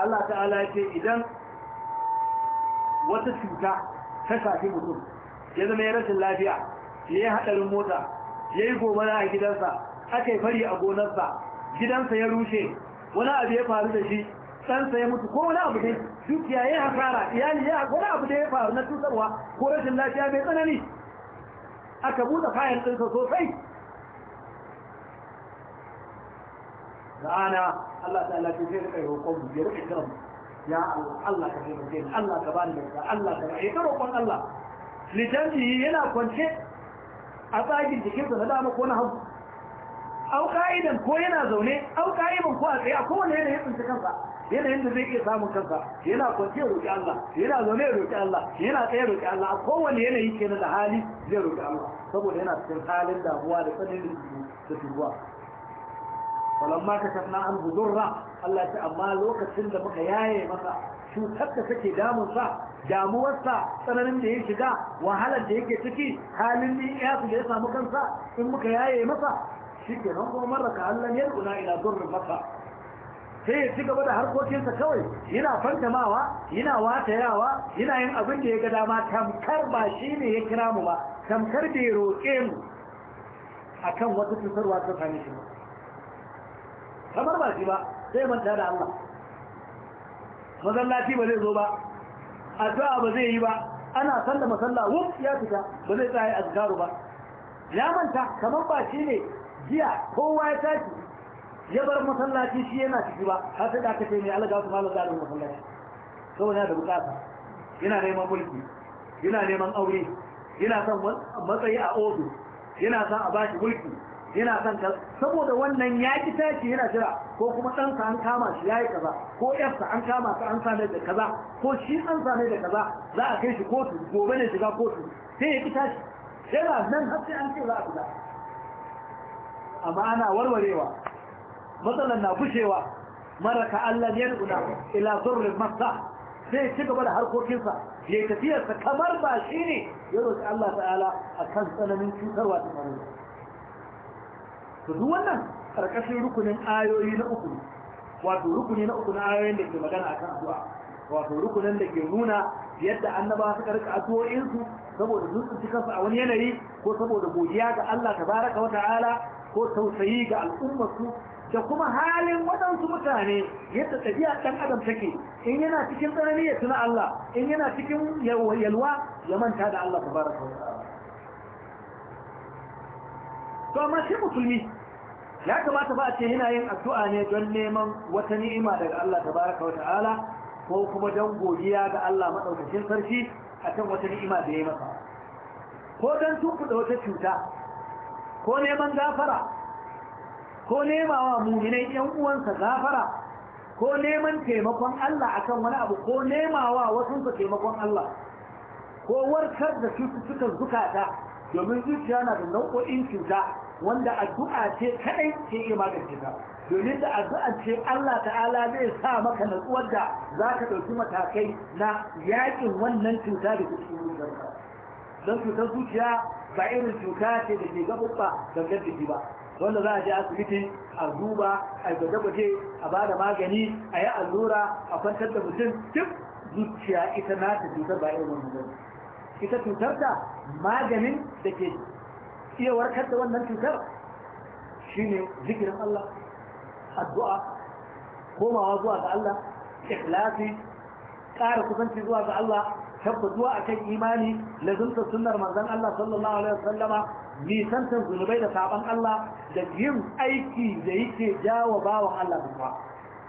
Allah ta'ala ce idan wata cuta ta shafi mutum ya zama ya rashin lafiya ya yi haɗarin mota ya yi gobara a gidansa aka yi fari a gonarsa gidansa ya rushe wani abu ya faru da shi ɗansa ya mutu ko wani abu dai dukiya ya hasara iyali ya wani abu da ya faru na tutarwa ko rashin lafiya mai tsanani aka buɗe kayan ɗinsa sosai rana Allah ta Allah zai rika roƙon mu ya rufe kiran mu ya Allah ka zai mutum Allah ka bani da Allah ka ya roƙon Allah lijanti yana kwance a tsagin jikinsa na dama ko na hagu au ka'idan ko yana zaune au ka'idan ko a tsaye a kowane yanayin tsinci kansa yanayin da zai iya samun kansa yana kwance roƙi Allah yana zaune roƙi Allah yana tsaye roƙi Allah a kowane yanayi kenan da hali zai roƙi Allah saboda yana cikin halin damuwa da tsananin da turuwa falamma ka tafna an budurra Allah ce amma lokacin da muka yaye masa cutar da take damunsa damuwarsa tsananin da ya shiga wahalar da yake ciki halin ni ya da ya samu kansa in muka yaye masa shi ke nan kuma marraka Allah ya runa ila durrin maka. sai ya ci gaba da harkokinsa kawai yana fantamawa yana watayawa yana yin abin da ya ga dama tamkar ba shi ne ya kira mu ba tamkar da ya roƙe mu akan wata cutarwa ta same shi ba kamar ba shi ba sai manta da Allah masallaci ba zai zo ba addu'a ba zai yi ba ana sanda masalla wuf ya fita ba zai tsaya azkaru ba ya manta kamar ba shi ne jiya kowa ya tashi ya bar masallaci shi yana ciki ba har sai da aka ce mai alaga wasu malar da masallaci saboda yana da bukata yana neman mulki yana neman aure yana son matsayi a ofis yana son a ba shi mulki yana son ka saboda wannan ya ki tashi yana jira ko kuma ɗansa an kama shi ya yi kaza ko ƴarsa an kama ta an same da kaza ko shi an same da kaza za a kai shi kotu gobe ne shiga kotu sai ya ki tashi yana nan har sai an ce za a fita amma ana warwarewa matsalar na bushewa mara ka Allah ya rubuna ila zurrin masa sai ci gaba da harkokinsa ya tafiyarsa kamar ba shi ne ya roƙi Allah ta'ala a kan tsananin cutarwa ta to duk wannan karkashin rukunin ayoyi na uku wato rukuni na uku na ayoyin da ke magana akan addu'a wato rukunin da ke nuna yadda annaba su rika addu'o'in su saboda dutsen kansu a wani yanayi ko saboda godiya ga Allah tabaraka wa ta'ala ko tausayi ga al'ummar su da kuma halin waɗansu mutane yadda tafiya ɗan adam take in yana cikin tsanani ya tuna Allah in yana cikin yalwa ya manta da Allah tabaraka wa ta'ala to amma shi musulmi ya kamata ba a ce yana yin addu'a ne don neman wata ni'ima daga Allah tabaraka wa ta'ala ko kuma don godiya ga Allah madaukakin sarki akan wata ni'ima da ya masa ko don da wata cuta ko neman gafara ko nemawa muminai yan uwansa gafara ko neman taimakon Allah akan wani abu ko nemawa wasu taimakon Allah ko warkar da cututtukan zukata domin zuciya na da nau'o'in cuta wanda addu'a ce kaɗai ke iya magance ta domin da addu'a ce Allah ta'ala zai sa maka natsuwar da za ka ɗauki matakai na yakin wannan cuta da ke cikin zuciyarka don cutar zuciya ba irin cuta ce da ke gaɓuɓɓa da jiki ba wanda za a je asibiti a duba a gwaje-gwaje a ba da magani a yi allura a kwantar da mutum duk zuciya ita na ta cutar ba irin wannan ita cutarta maganin da ke iya warkar da wannan cutar shi ne zikirin Allah addu'a komawa zuwa ga Allah ikhlasi ƙara kusanci zuwa ga Allah tabbatuwa a kan imani lazumta sunnar manzon Allah sallallahu alaihi wasallama nisantar zunubai da saban Allah da yin aiki da yake jawo bawan Allah kuma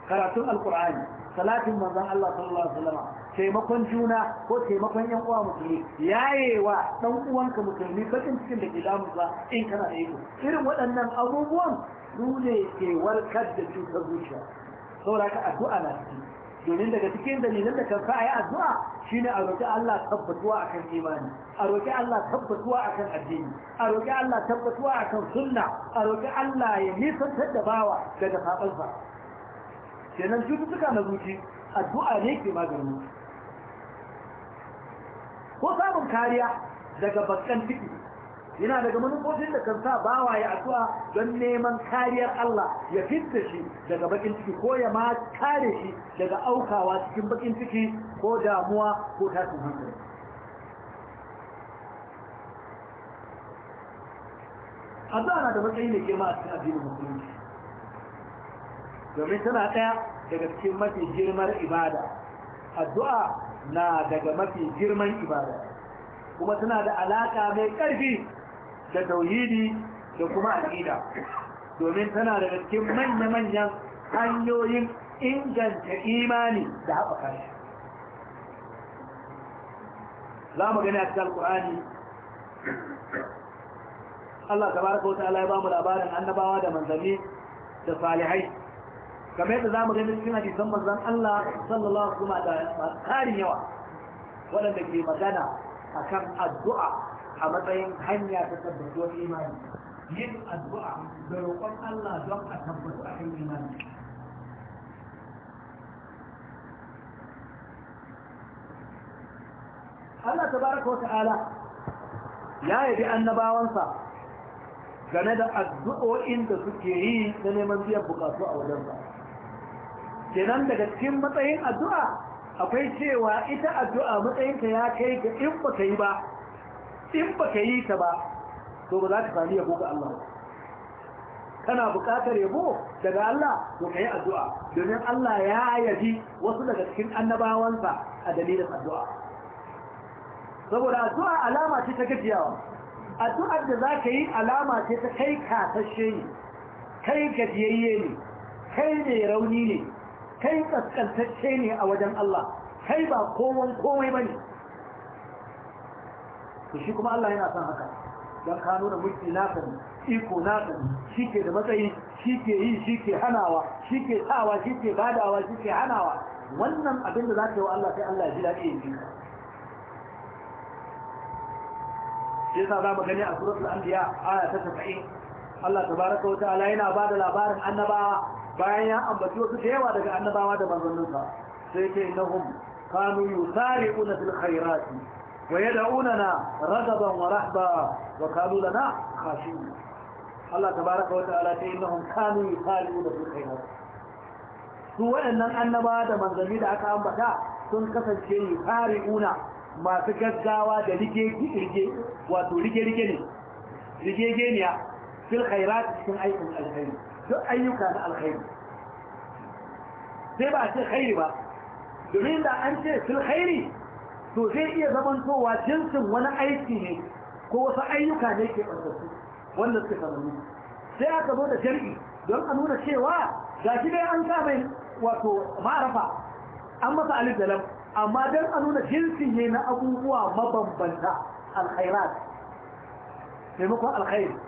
karatun Alƙur'ani, salatin manzon Allah sallallahu alaihi wasallama taimakon juna ko taimakon yan uwa musulmi yayewa dan uwanka musulmi bakin cikin da ke ba in kana da iko irin waɗannan abubuwan su ne ke warkar da cutar zuciya saboda ka addu'a na ciki domin daga cikin dalilan da kanka a yi addu'a shine a roƙi Allah tabbatuwa akan imani a roƙi Allah tabbatuwa akan addini a roƙi Allah tabbatuwa akan sunna a roƙi Allah ya nisantar da bawa daga sabansa kenan cututtuka na zuci addu'a ne ke maganin ko samun kariya daga bakkan ciki yana daga manufofin da kan sa bawa ya addu'a don neman kariyar Allah ya fitta shi daga bakin ciki ko ya ma kare shi daga aukawa cikin bakin ciki ko damuwa ko tashin hankali addu'a na da matsayi ne girma a cikin addinin musulunci domin tana daya daga cikin mafi girmar ibada addu'a na daga mafi girman ibada kuma tana da alaka mai ƙarfi da tauhidi da kuma aqida domin tana da cikin manya-manyan hanyoyin inganta imani da haɓaka shi za mu gani a cikin alƙur'ani Allah tabaraka wa ta'ala ya ba mu labarin annabawa da manzanni da salihai kamar yadda mu gani cikin hadisan manzon Allah sallallahu alaihi wasallam da karin yawa waɗanda ke magana akan addu'a a matsayin hanya ta tabbatar imani yin addu'a da roƙon Allah don a tabbata akan imani Allah tabaraka wa ta'ala ya yabi annabawansa game da addu'o'in da suke yi na neman biyan bukatu a wajen ba kenan daga cikin matsayin addu'a akwai cewa ita addu'a matsayinka ya kai ga in baka yi ba in baka yi ta ba to ba za ka sami yabo ga Allah kana buƙatar yabo daga Allah to kai addu'a domin Allah ya yabi wasu daga cikin annabawansa a dalilin addu'a saboda addu'a alama ce ta gajiyawa addu'ar da za ka yi alama ce ta kai kasashe ne kai gajiyayye ne kai ne rauni ne kai kaskantacce ne a wajen Allah kai ba kowan komai bane to shi kuma Allah yana son haka don ka nuna mulki naka ne iko naka ne shi ke da matsayi shi ke yi shi ke hanawa shi ke sawa shi ke gadawa, shi ke hanawa wannan abin da za ka yi wa Allah sai Allah ya ji daɗi ya ji ka shi yasa za mu gani a suratul anbiya aya ta 70 Allah tabaraka wa ta'ala yana ba da labarin annabawa bayan ya ambaci wasu da yawa daga annabawa da manzanninsa sai ce innahum kanu yusari'una fil khairati wa yad'unana ragaban wa rahba wa kanu lana khashin Allah tabaraka wa ta'ala ta innahum kanu yusari'una fil khairati su waɗannan annabawa da manzanni da aka ambata sun kasance una masu gaggawa da rige-rige wato rige-rige ne rige-geniya fil khairat cikin aikin alkhairi duk ayyuka na alkhairi sai ba a ce khairi ba domin da an ce fil khairi to zai iya zamantowa jinsin wani aiki ne ko wasu ayyuka ne ke ɓantattu wanda suka sai aka zo da shari'i don a nuna cewa ga shi dai an sa wato an masa alif da amma don a nuna jinsi ne na abubuwa mabambanta alkhairat maimakon alkhairi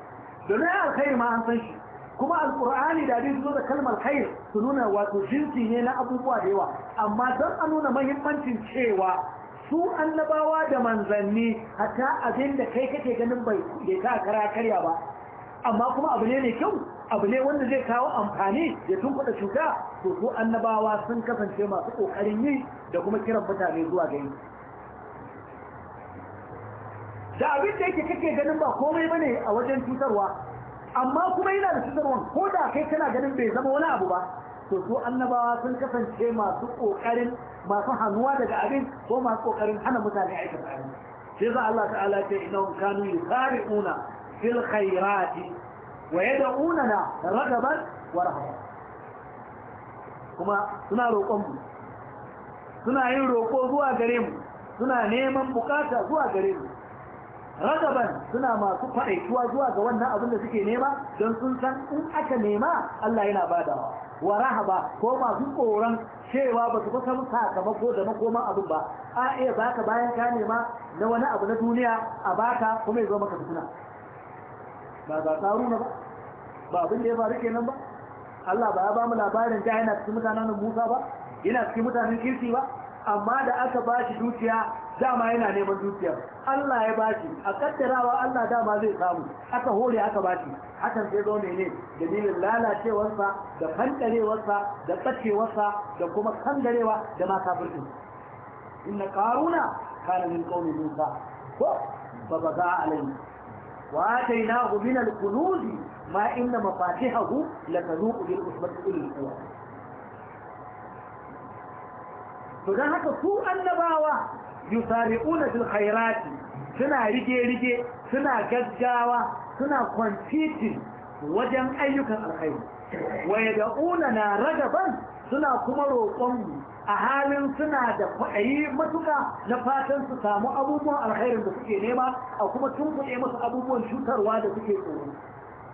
domin ya alkhairi ma an san shi kuma alkur'ani da abin zo da kalmar khair su nuna wato jinsi ne na abubuwa da yawa amma don a nuna mahimmancin cewa su annabawa da manzanni hatta abin da kai kake ganin bai ta kara karya ba amma kuma abu ne mai kyau abu ne wanda zai kawo amfani ya tunkuɗa cuta to su annabawa sun kasance masu ƙoƙarin yi da kuma kiran mutane zuwa gani da abin da yake kake ganin ba komai bane a wajen cutarwa amma kuma yana da cutarwan ko da kai kana ganin bai zama wani abu ba to su annabawa sun kasance masu kokarin masu hannuwa daga abin ko masu kokarin hana mutane aikata abin sai za Allah ta'ala ce innahum kanu yusari'una fil khairati wa yad'unana ragaban wa rahaban kuma suna roƙon mu suna yin roƙo zuwa gare mu suna neman bukata zuwa gare mu ragaban suna masu faɗaituwa zuwa ga wannan abin da suke nema don sun san in aka nema Allah yana badawa wa rahaba ko masu tsoron cewa ba su kusan ko da makoman abin ba a iya baka bayan ka nema na wani abu na duniya a baka kuma ya zo maka fitina ba za tsaro runa ba ba abin da ya faru kenan ba Allah ba ya ba mu labarin ta yana cikin mutanen Musa ba yana cikin mutanen Kirsi ba amma da aka ba shi dukiya dama yana neman dukiya Allah ya ba shi a kaddarawa Allah dama zai samu aka hore aka ba shi hakan sai zo ne dalilin lalacewarsa da fankarewarsa da tsakewarsa da kuma kandarewa da ma kafirci inna qaruna kana min qawmi musa ko fa baza alayhi wa atainahu min al-kunuz ma inna mafatihahu latanuqu bil usbati ul-quwwah to don haka su annabawa yusari'una fil khairati suna rige-rige suna gaggawa suna kwantitin wajen ayyukan alkhairi waya yad'una na ragaban suna kuma roƙon a halin suna da kwaɗayi matuka na fatan su samu abubuwan alkhairin da suke nema a kuma tunkuɗe masu abubuwan cutarwa da suke tsoro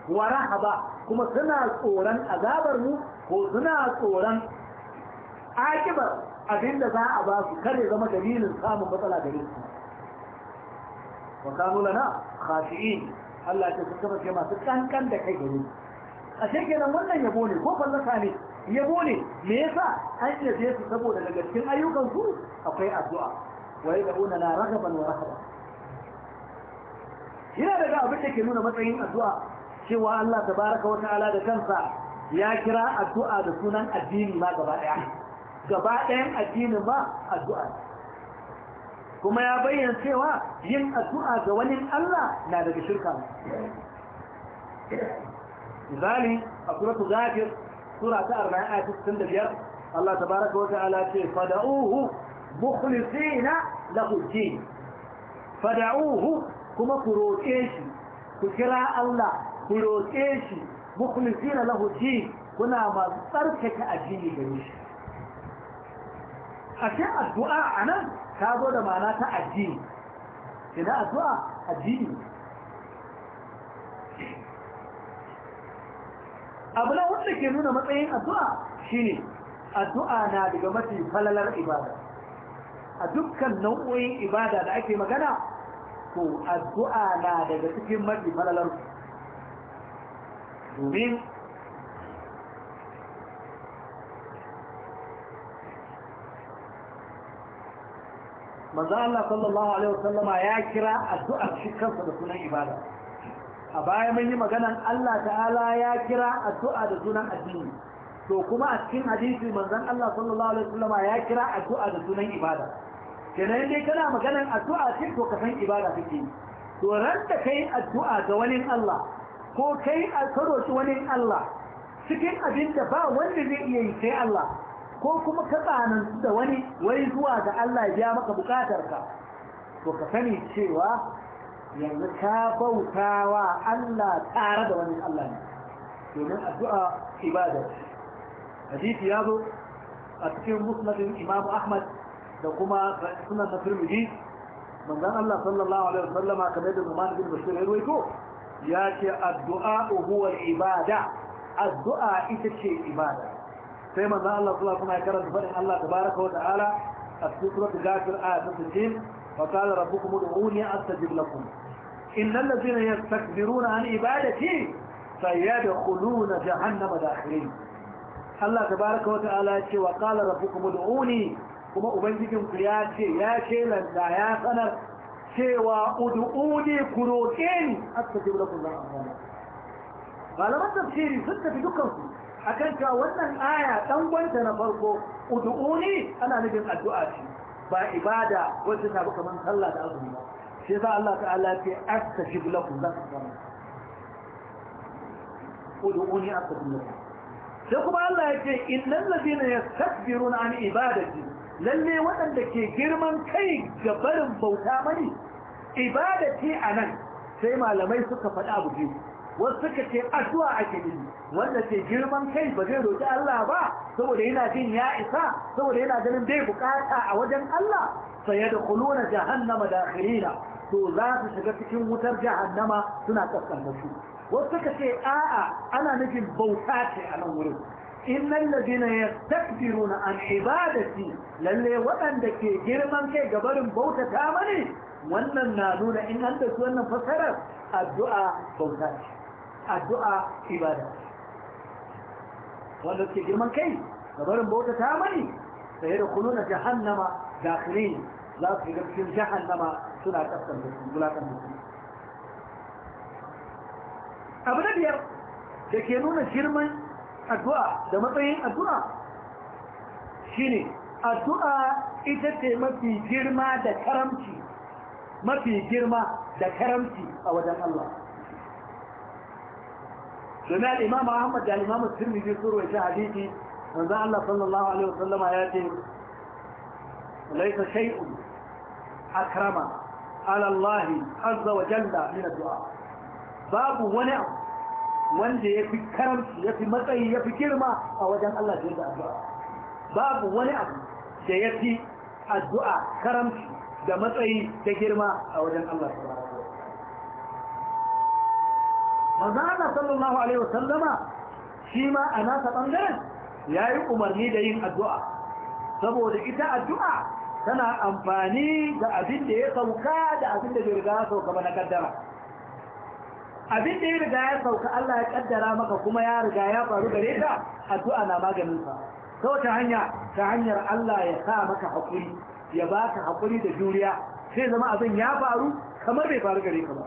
wa rahaba kuma suna tsoron azabar mu ko suna tsoron akibar abinda za a ba su kare zama dalilin samun matsala da su wa kanu lana khashi'in Allah ya ce kuma ce masu kankan da kai gare a nan wannan yabo ne ko fallasa ne yabo ne me yasa an yabe su saboda daga cikin ayyukan su akwai addu'a wa da'una na ragaban wa rahaba yana daga abin da ke nuna matsayin addu'a cewa Allah tabaraka wa ta'ala da kansa ya kira addu'a da sunan addini ma gaba daya gaba ɗayan addinin ma addu'a kuma ya bayyana cewa yin addu'a ga wani Allah na daga shirka Zali a suratu zafir sura ta biyar Allah ta baraka ta'ala ce fada'uhu mukhlisina lahu din fada'uhu kuma ku roƙe shi ku kira Allah ku roƙe shi mukhlisina na lahuji kuna masu tsarkake addini da shi ake addu'a a nan ta zo da mana ta addini ina addu'a addini abu na wanda ke nuna matsayin addu'a shine addu'a na daga mafi falalar ibada a dukkan nau'o'in ibada da ake magana to addu'a na daga cikin mafi falalar domin manzo Allah sallallahu alaihi wasallama ya kira addu'a shi kansa da sunan ibada a baya mun yi maganan Allah ta'ala ya kira addu'a da sunan addini to kuma a cikin hadisi manzon Allah sallallahu alaihi wasallama ya kira addu'a da sunan ibada kenan dai kana maganan addu'a shi to ka san ibada kake to ran da kai addu'a ga wani Allah ko kai a shi wani Allah cikin abin da ba wanda zai iya yi sai Allah ko kuma ka tsanantu da wani wai zuwa ga Allah ya maka bukatarka to ka sani cewa yanzu ka bauta wa Allah tare da wani Allah ne domin addu'a ibada hadisi ya zo a cikin musnadin Imam Ahmad da kuma sunan na Tirmidhi manzon Allah sallallahu alaihi wasallama kamar da Umar bin Bashir ya rawaito ya ce addu'a huwa ibada addu'a ita ce ibada sai manzo Allah sallallahu alaihi wasallam ya karanta fadin Allah tabaraka wa ta'ala a cikin suratul ghafir ayat 60 fa qala rabbukum ud'uni astajib lakum innal ladhina yastakbiruna an ibadati na jahannama da dakhirin Allah ta wa ta'ala ya ce wa qala rabbukum ud'uni kuma ubangijin ku ya ce ya ce landa ya sanar cewa ud'uni ku roƙe ni jibla lakum zan amfana malaman tafsiri sun tafi dukkan su akan cewa wannan aya dan na farko ud'uni ana nufin addu'a ce ba ibada wacce ta bi kamar sallah da azumi ba shi yasa Allah ta'ala ya ce astajib lakum zaka samu ud'uni astajib lakum sai kuma Allah ya ce innal ladina yastakbiruna an ibadati lalle waɗanda ke girman kai ga barin bauta mani ibada ce a nan, sai malamai suka faɗa abu biyu wasu suka ce addu'a ake nufi wanda ke girman kai ba zai roƙi Allah ba saboda yana jin ya isa saboda yana ganin bai bukata a wajen Allah sai ya dakhuluna jahannama dakhilina to za su shiga cikin wutar jahannama suna kaskanta su wasu suka ce a'a ana nufin bauta ce a nan wurin ya ladina yastakbiruna an ibadati lalle waɗanda ke girman kai gabarin bautata mani wannan na nuna in an da su wannan fasarar addu'a bauta ce addu'a ibada wanda ke girman kai da barin bauta ta mani sai da kunu na jahannama dakirin za su shiga cikin jahannama suna kasan da su bulakan da su abu na biyar da ke nuna girman addu'a da matsayin addu'a shine addu'a ita ce mafi girma da karamci mafi girma da karamci a wajen Allah domin al'imam ahmad da al'imam tirmidhi sun rawaita hadisi manzo Allah sallallahu alaihi wasallama ya ce laysa shay'un akrama ala Allah azza wa janda min addu'a babu wani abu wanda ya fi karamci yafi matsayi ya fi girma a wajen Allah da addu'a babu wani abu da ya fi addu'a karamci da matsayi da girma a wajen Allah subhanahu manzon sallallahu alaihi wasallama shi ma a nasa bangaren yi umarni da yin addu'a saboda ita addu'a tana amfani da abin da ya sauka da abin da bai ya sauka mana na kaddara abin da ya riga ya sauka Allah ya kaddara maka kuma ya riga ya faru gare addu'a na maganinsa sa sau ta hanya ta hanyar Allah ya sa maka haƙuri ya ba baka haƙuri da juriya sai zama abin ya faru kamar bai faru gare ka ba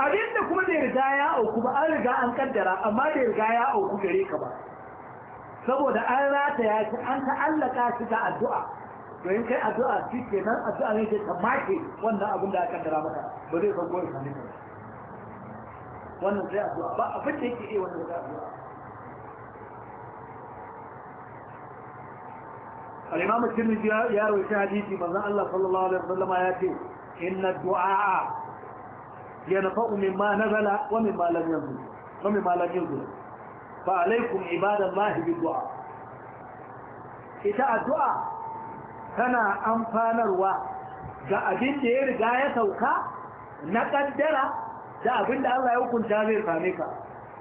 abinda kuma da riga ya auku ba an riga an kaddara amma da riga ya auku gare ka ba saboda an rataya shi an ta'allaka shi ga addu'a domin kai addu'a shi ke nan addu'a ne ke kamake wannan abin da aka kaddara maka ba zai sauko ya sami ka wannan sai addu'a ba abin da yake iya wannan da addu'a al-imam at-tirmidhi ya rawaita hadisi manzon Allah sallallahu alaihi wasallam ya ce inna du'a ينفع مما نزل ومما لم ينزل ومما لم ينزل فعليكم عباد الله بالدعاء ita addu'a tana amfanarwa ga abin da ya riga ya sauka na ƙaddara da abin da Allah ya hukunta zai same ka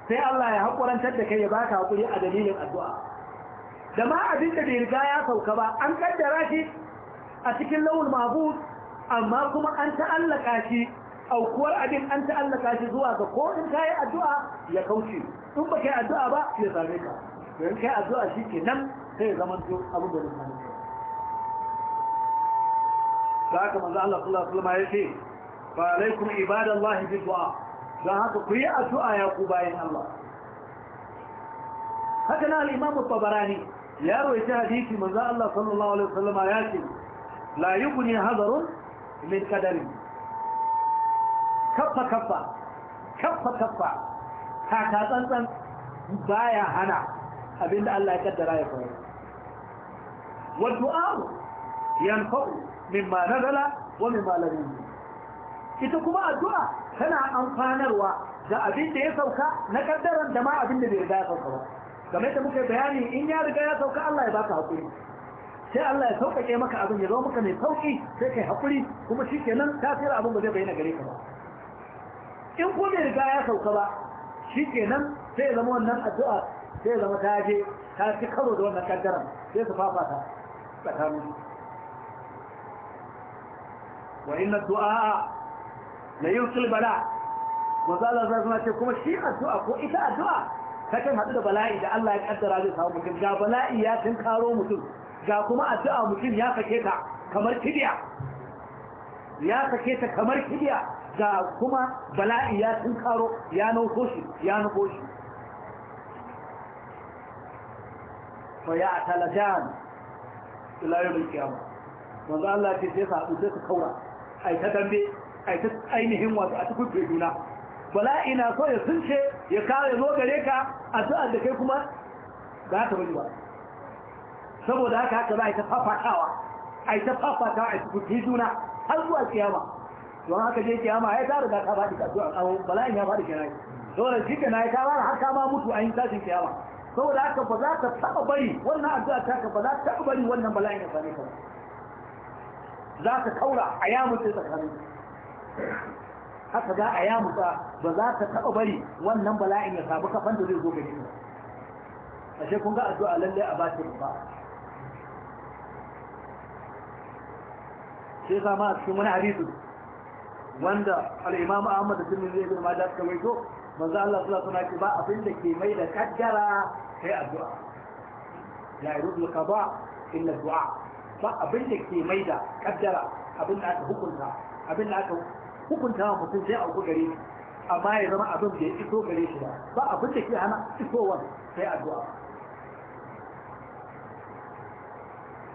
sai Allah ya haƙurantar da kai ya ba ka haƙuri a dalilin addu'a da ma abin da bai riga ya sauka ba an ƙaddara shi a cikin laul mabud amma kuma an ta'allaka shi aukuwar abin an ta'allaka shi zuwa ga ko in ka yi addu'a ya kauce in ba ka yi addu'a ba ya same ka in ka yi addu'a shi ke nan sai ya zama to abin da zai da haka manzo Allah sallallahu alaihi wasallam ya ce fa alaikum ibadallahi bi du'a dan haka ku yi addu'a ya ku bayin Allah haka na al-Imam tabarani ya rawaita hadisi manzo Allah sallallahu alaihi wasallam ya ce la yughni hadarun min qadarin kaffa kaffa kaffa kaffa kaka tsantsan baya hana abinda Allah ya kaddara ya faru wa du'a yanfa'u mimma nazala wa mimma lam yunzil ita kuma addu'a tana amfanarwa da abinda ya sauka na kaddaran da ma abinda bai riga ya sauka ba game da muka bayani in ya riga ya sauka Allah ya baka haƙuri. sai Allah ya sauƙaƙe maka abin ya zo maka mai sauƙi sai kai haƙuri, kuma shi shikenan tasirin abin ba zai bayyana gare ka ba in ko bai riga ya sauka ba shi kenan sai zama wannan addu'a sai zama ta je ta ci karo da wannan kaddaran sai su ta tsakanin wa inna du'a la yusil bala manzo Allah zai ce kuma shi addu'a ko ita addu'a kakan hadu da bala'i da Allah ya kaddara zai samu mutum ga bala'i ya tun karo mutum ga kuma addu'a mutum ya sake ta kamar kidiya ya sake ta kamar kidiya ga kuma bala'i ya sun karo ya nauko shi ya nuko shi fa ya talajan ila yawmin qiyamah manzo Allah ce sai sa sai ka kaura ai ta dambe ai ta ainihin wato a cikin juna bala'i na so ya sunce ya kare zo gare ka addu'a da kai kuma za ta bari ba saboda haka haka za a yi ta fafatawa a yi ta fafatawa a cikin juna har zuwa kiyama don haka je kiyama ai ta riga ta faɗi kasuwa kawo bala'in ya faɗi kiyama dole shi kana ta fara har ka ma mutu a yin tashin kiyama saboda haka ba za ka taɓa bari wannan addu'a ta ka ba za ka taɓa bari wannan bala'in ya same ka za ka kaura a yamu sai tsakanin haka za a yamu ta ba za ka taɓa bari wannan bala'in ya samu kafan da zai zo gari ba ashe kun ga addu'a lallai a ba ce ba sai zama a cikin wani hadisi wanda al-imam Ahmad bin Zaid bin Majah ta waito manzo Allah sallallahu alaihi wasallam ba abin da ke mai da kaddara sai addu'a la yurdu al-qada illa du'a ba abin da ke mai da kaddara abin da aka hukunta abin da aka hukunta wa mutum sai a gare shi amma ya zama abin da ya iso gare shi ba ba abin da ke hana isowar sai addu'a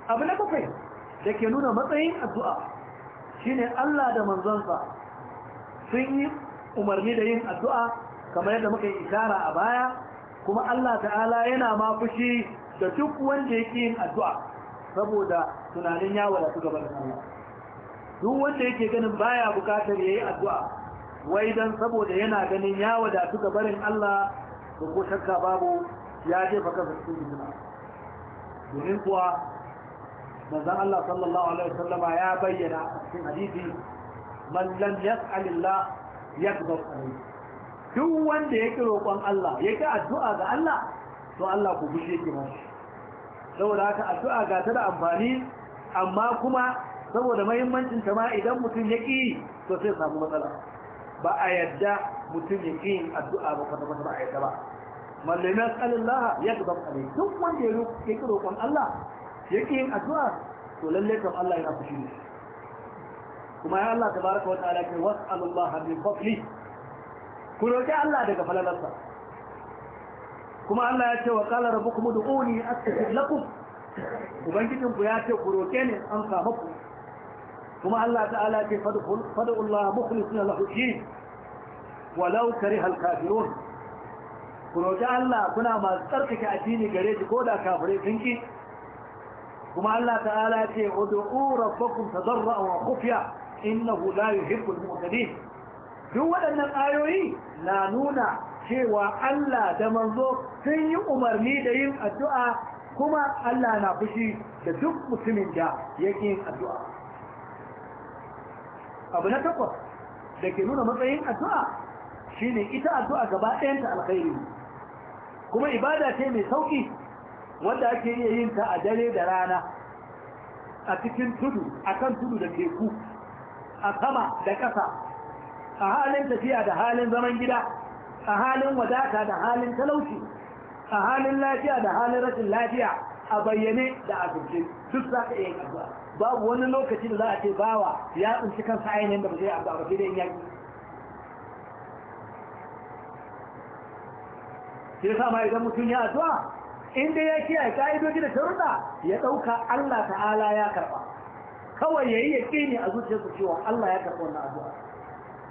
abu na bakwai da ke nuna matsayin addu'a shine Allah da manzonsa sun yi umarni da yin addu'a kamar yadda muka yi ishara a baya kuma Allah ta'ala yana ma fushi da duk wanda yake yin addu'a saboda tunanin ya da su da Allah duk wanda yake ganin baya bukatar yayi addu'a wai dan saboda yana ganin ya da su gabarin Allah ko shakka babu ya jefa kansa cikin jina domin kuwa manzon Allah sallallahu alaihi wasallam ya bayyana cikin hadisi man lam yas'al Allah yakbab alayhi duk wanda yake roƙon Allah ya yake addu'a ga Allah to Allah ku bushe ke mashi saboda haka addu'a ga ta da amfani amma kuma saboda muhimmancin ta ma idan mutum ya ƙi to sai samu matsala ba a yadda mutum ya ki addu'a ba kwata kwata ba a yadda ba man lam yas'al Allah yakbab alayhi duk wanda yake roƙon Allah yake yin addu'a to lalle kam Allah ya fushi ne kuma ya Allah tabaraka wa ta'ala ke was'alullaha bi fadli ku roki Allah daga falalarsa kuma Allah ya ce wa qala rabbukum ud'uni astajib lakum ubangijin ku ya ce ku roke ni an ka muku kuma Allah ta'ala ce fad'u Allah mukhlisina lahu din walau kariha alkafirun ku roki Allah kuna masu tsarkake addini gare shi ko da kafirai sun kuma Allah ta'ala ce ud'u rabbakum tadarra wa khufiya innahu la yuhibbul mu'tadin duk waɗannan ayoyi na nuna cewa Allah da manzo sun yi umarni da yin addu'a kuma Allah na fushi da duk mutumin da yake yin addu'a abu na takwas da ke nuna matsayin addu'a shine ita addu'a gaba ɗayanta alkhairi kuma ibada ce mai sauƙi wanda ake iya yin ta a dare da rana a cikin tudu a kan tudu da teku a sama da ƙasa a halin tafiya da halin zaman gida a halin wadata da halin talauci a halin lafiya da halin rashin lafiya a bayyane da asirce duk za ka iya yin babu wani lokaci da za a ce bawa ya tsinci kansa ainihin da ba zai addu'a ba gidan yaki sai sa ma idan mutum ya addu'a inda ya kiyaye ka'idoji da sharuɗa ya ɗauka Allah ta'ala ya karɓa kawai ya yi a zuciyarsa cewa Allah ya karɓa wannan addu'a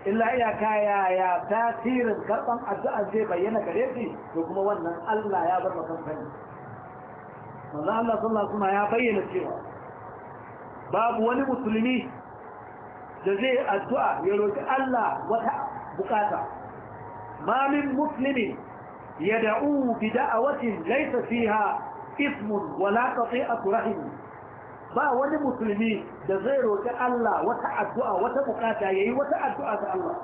illa iyaka yaya tasirin karɓan addu'a zai bayyana gare shi da kuma wannan Allah ya bar maka sani manzo Allah sallallahu alaihi wasallam ya bayyana cewa babu wani musulmi da zai addu'a ya roki Allah wata bukata ma min muslimin يدعوه بدعوة ليس فيها إثم ولا قطيئة رحم با wani musulmi da zai roƙi Allah wata addu'a wata bukata yayi wata addu'a ga Allah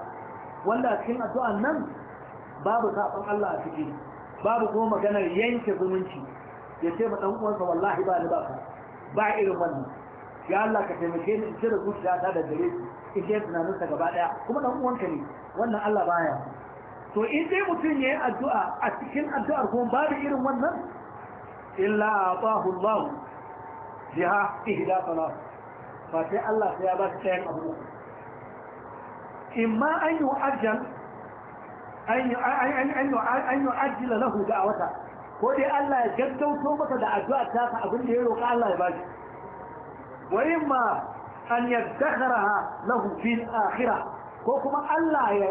wanda cikin addu'an nan babu sabon Allah a ciki babu kuma maganar yanke zumunci ya ce ma dan uwansa wallahi ba ba ka ba irin wannan ya ka taimake ni in da gare in tunaninsa gaba daya kuma dan uwanka ne wannan Allah baya to in dai mutum ya yi addu'a a cikin addu'ar kuma babu irin wannan illa a abahu Allah biha ihda salat ba sai Allah ya ba shi tayan abu imma an yi ajal an yi an yi ajila lahu da'awata ko dai Allah ya gaggauto mata da addu'a ta ka abin da ya roƙa Allah ya ba shi wa imma an yaddakharaha lahu fil akhirah ko kuma Allah ya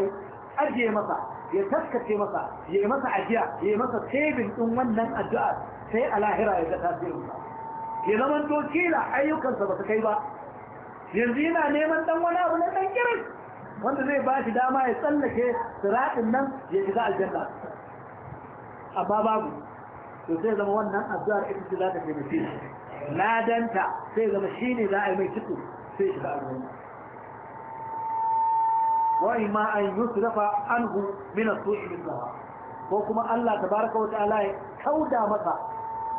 ajiye mata. ya taskace masa ya masa ajiya ya yi masa ɗin wannan addu'a sai a lahira ya ga tasirinsa ya zama to kila ayyukansa ba su kai ba yanzu yana neman ɗan wani abu na ɗan kirin wanda zai ba shi dama ya tsallake siraɗin nan ya shiga aljanna amma babu to sai zama wannan addu'ar ita ce za ta taimake shi ladanta sai zama shine za a yi mai ciko sai shiga aljanna Wa'ima imma an yusrafa anhu min as-su'i ko kuma Allah tabaraka wa ta'ala ya kauda masa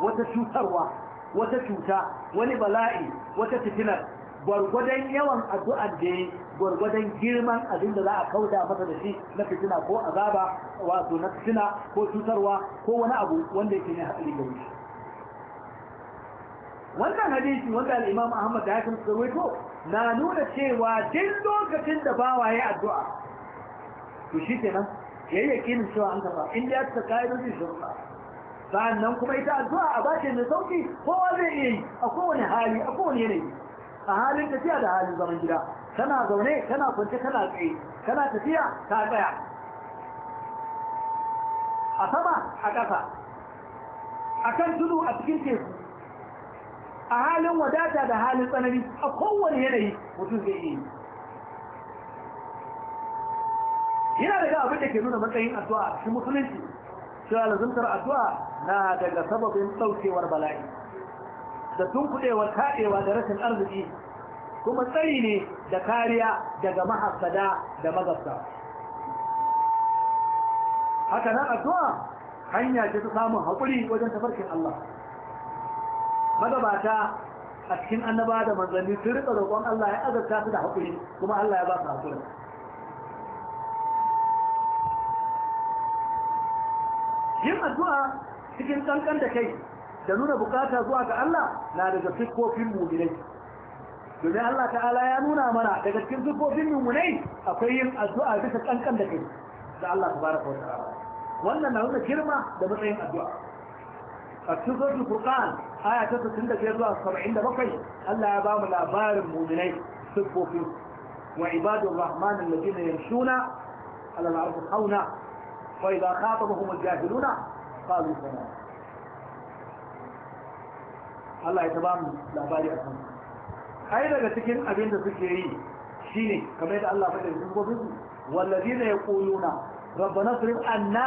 wata cutarwa wata cuta wani bala'i wata fitina gwargwadon yawan addu'ar da ya gwargwadon girman abin da za a kauda masa da shi na fitina ko azaba wato na fitina ko cutarwa ko wani abu wanda yake ne haɗari da shi wannan hadisi wanda al-Imam Ahmad da Hakim suka rawaito na nuna cewa duk lokacin da bawa ya addu'a to shi kenan yayi yakinin cewa an gaba in ya ta kaidoji shirka nan kuma ita addu'a a bace mai sauki ko zai yi a kowane hali a kowane yanayi a halin tafiya da halin zaman gida kana zaune kana kwance kana tsaye kana tafiya ta tsaya a sama a ƙasa a kan tudu a cikin teku a halin wadata da halin tsanani a kowane yanayi mutum zai yi yana daga abin da ke nuna matsayin addu'a shi musulunci shi lazumtar addu'a na daga sababin saukewar bala'i da tunkudewar kaɗewa da rashin arziki kuma tsari ne da kariya daga mahasada da magabta haka nan addu'a hanya ce ta samun haƙuri wajen tafarkin Allah magabata a cikin annaba da manzanni sun rika roƙon Allah ya azarta su da haƙuri kuma Allah ya ba su haƙuri yin addu'a cikin ƙanƙan da kai da nuna bukata zuwa ga Allah na daga siffofin mu'minai domin Allah ta'ala ya nuna mana daga cikin siffofin mu'minai akwai yin addu'a bisa ƙanƙan da kai da Allah tabaraka wannan na nuna girma da matsayin addu'a a cikin aya ta 65 zuwa 77 Allah ya ba mu labarin mu'minai sifofin wa ibadur rahman alladhina yamshuna ala al-ardi hawna wa idha khatabahum al-jahiluna qalu salama Allah ya ta ba mu labari a kan ai daga cikin abin da suke yi shine kamar yadda Allah faɗa cikin gobe wallazina yaquluna rabbana srif anna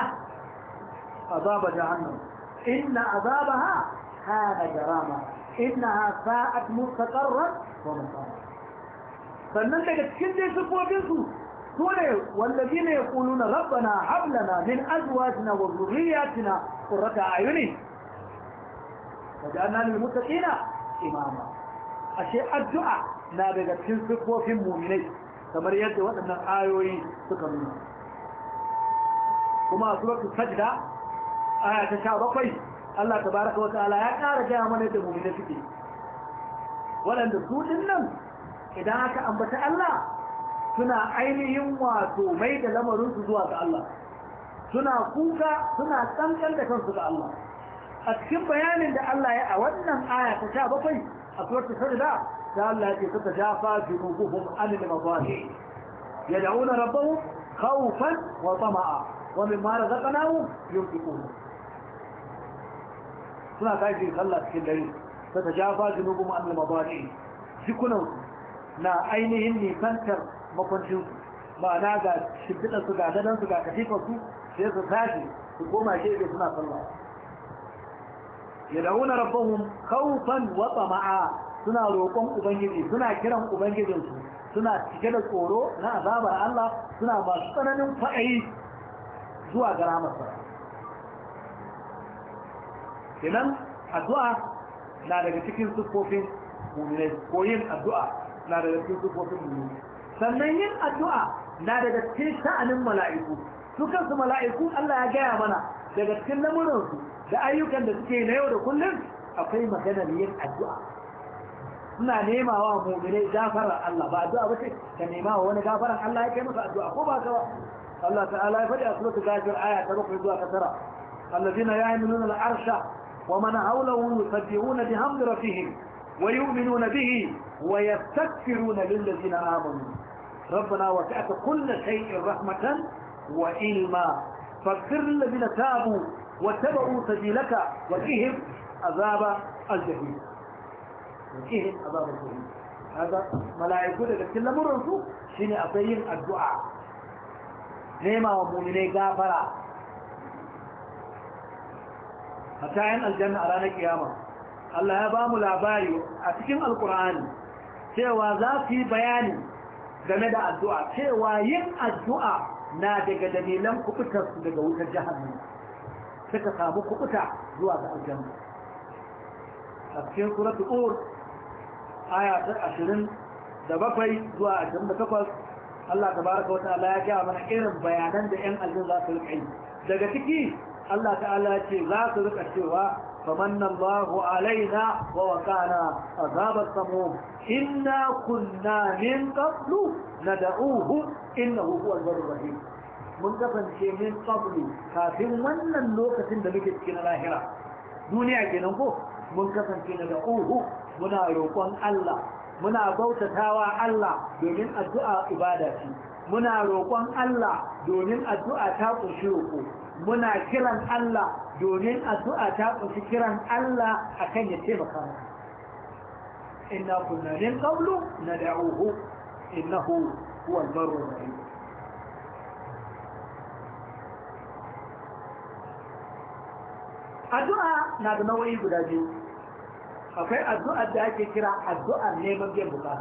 azaba jahannam inna azabaha هذا جرامها إنها ساءت مستقرة ومقامة فلننتج كده يسفوا بيسو سولي والذين يقولون ربنا حبلنا من أزواجنا وذرياتنا قرة أعيني وجعلنا للمتقين إماما أشياء الدعاء نابغة تنسفوا في المؤمنين كما ريادة وأن الآيوي تكملون كما أصبحت السجدة آية تشاء رفيه Allah tabaraka wa ala ya ƙara gaya mana da mu'mina suke waɗanda su nan idan aka ambata Allah suna ainihin wato mai da lamarinsu zuwa ga Allah suna kuka suna tsankan da kansu ga Allah a cikin bayanin da Allah ya a wannan aya ta sha bakwai a suwarta sarda da Allah ya ce suka jafa junubuhum anil mazahi yad'una rabbahum khawfan wa tama'a wa mimma razaqnahum yunfiqun suna tashi sallah cikin dare ta ta jafa junubun an lamabari jikunan na ainihin nisantar makwancin ma'ana ga shimfiɗar su ga gadon su ga su sai su tashi su koma gefe suna sallah wuna rabbahum khawfan watsa ma'a suna roƙon ubangiji suna kiran ubangijinsu suna cike da tsoro na azabar Allah suna masu tsananin fa'ayi zuwa ga kenan addu'a na daga cikin sufofin mu'minai ko yin addu'a na daga cikin sufofin mu'minai sannan yin addu'a na daga cikin sha'anin mala'iku su kansu mala'iku Allah ya gaya mana daga cikin lamuransu da ayyukan da suke na yau da kullum akwai maganar yin addu'a suna nema wa mu'minai gafarar Allah ba addu'a ba ce ka nema wa wani gafarar Allah ya kai masa addu'a ko ba ka ba Allah ta'ala ya faɗi a suratul ghafir aya ta 7 zuwa 9 الذين يعملون العرش ومن حوله يصدقون بامر ربهم ويؤمنون به ويستكفرون للذين آمنوا ربنا وسعت كل شيء رحمة وإلما فاغفر الذين تابوا واتبعوا سبيلك وفيهم عذاب الجحيم وفيهم عذاب الجحيم هذا ملائكه daga cikin lamuransu shine a tsayin addu'a nema wa hatta yan aljanna a ranar kiyama Allah ya ba mu labari a cikin alkur'ani cewa za su yi bayani game da addu'a cewa yin addu'a na daga dalilan kubutarsu daga wutar jahannu suka samu kubuta zuwa ga aljanna a cikin suratul ur aya ta bakwai zuwa ashirin da takwas, Allah ta tabaraka wa Allah ya ga mana irin bayanan da 'yan aljanna za su rika yi daga ciki Allah ta'ala ce za su rika cewa ba ku alaina wa a zabar samu inna kunna min qablu nad'uhu innahu huwal barur rahim mun kasance min kaflu kafin wannan lokacin da muke cikin lahira duniya kenan ko mun kasance na da uhu muna roƙon Allah muna bautatawa Allah domin addu'a ibada ce muna roƙon Allah domin addu'a ta ƙunshi roƙo muna kiran Allah domin addu'a ta kusa kiran Allah akan ya taimaka mana inna kunna min qablu nad'uhu innahu huwal barru rahim addu'a na da nau'i guda biyu akwai addu'ar da ake kira addu'ar neman biyan bukata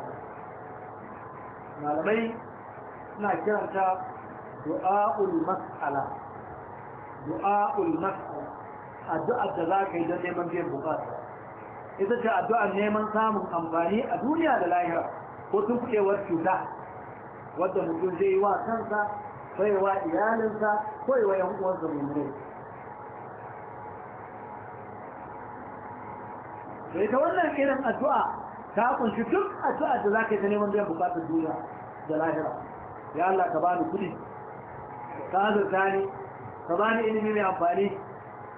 malamai suna kiranta ul mas'ala du'a'ul mas'al addu'a da za yi don neman biyan bukata ita ce addu'a neman samun amfani a duniya da lahira ko tun kuɗewar cuta wadda mutum zai yi wa kansa ko yi wa iyalinsa ko yi wa yan uwansa mummune sai ta wannan irin addu'a ta kunshi duk addu'a da zaka yi ta neman biyan bukatar duniya da lahira ya Allah ka bani kuɗi ka azurta ni ka bani ilimi mai amfani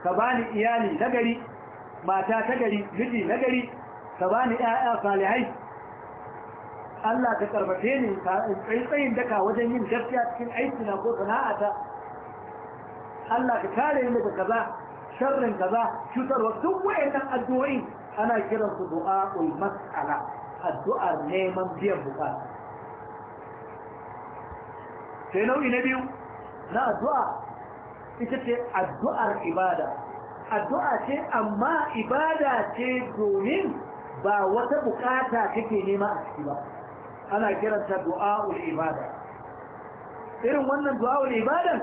ka bani iyali nagari mata ta gari miji nagari ka bani yaya salihai Allah ka karbace ni ka tsaitsayin daka wajen yin gaskiya cikin aikina ko sana'ata Allah ka kare ni daga kaza sharrin kaza cutarwa duk wayannan addu'o'in ana kiran su du'a'ul mas'ala addu'a neman biyan bukata sai nau'i na biyu na addu'a ita ce addu'ar ibada addu'a ce amma ibada ce domin ba wata bukata take nema a ciki ba ana kiranta du'a'ul ibada irin wannan du'a'ul ibadan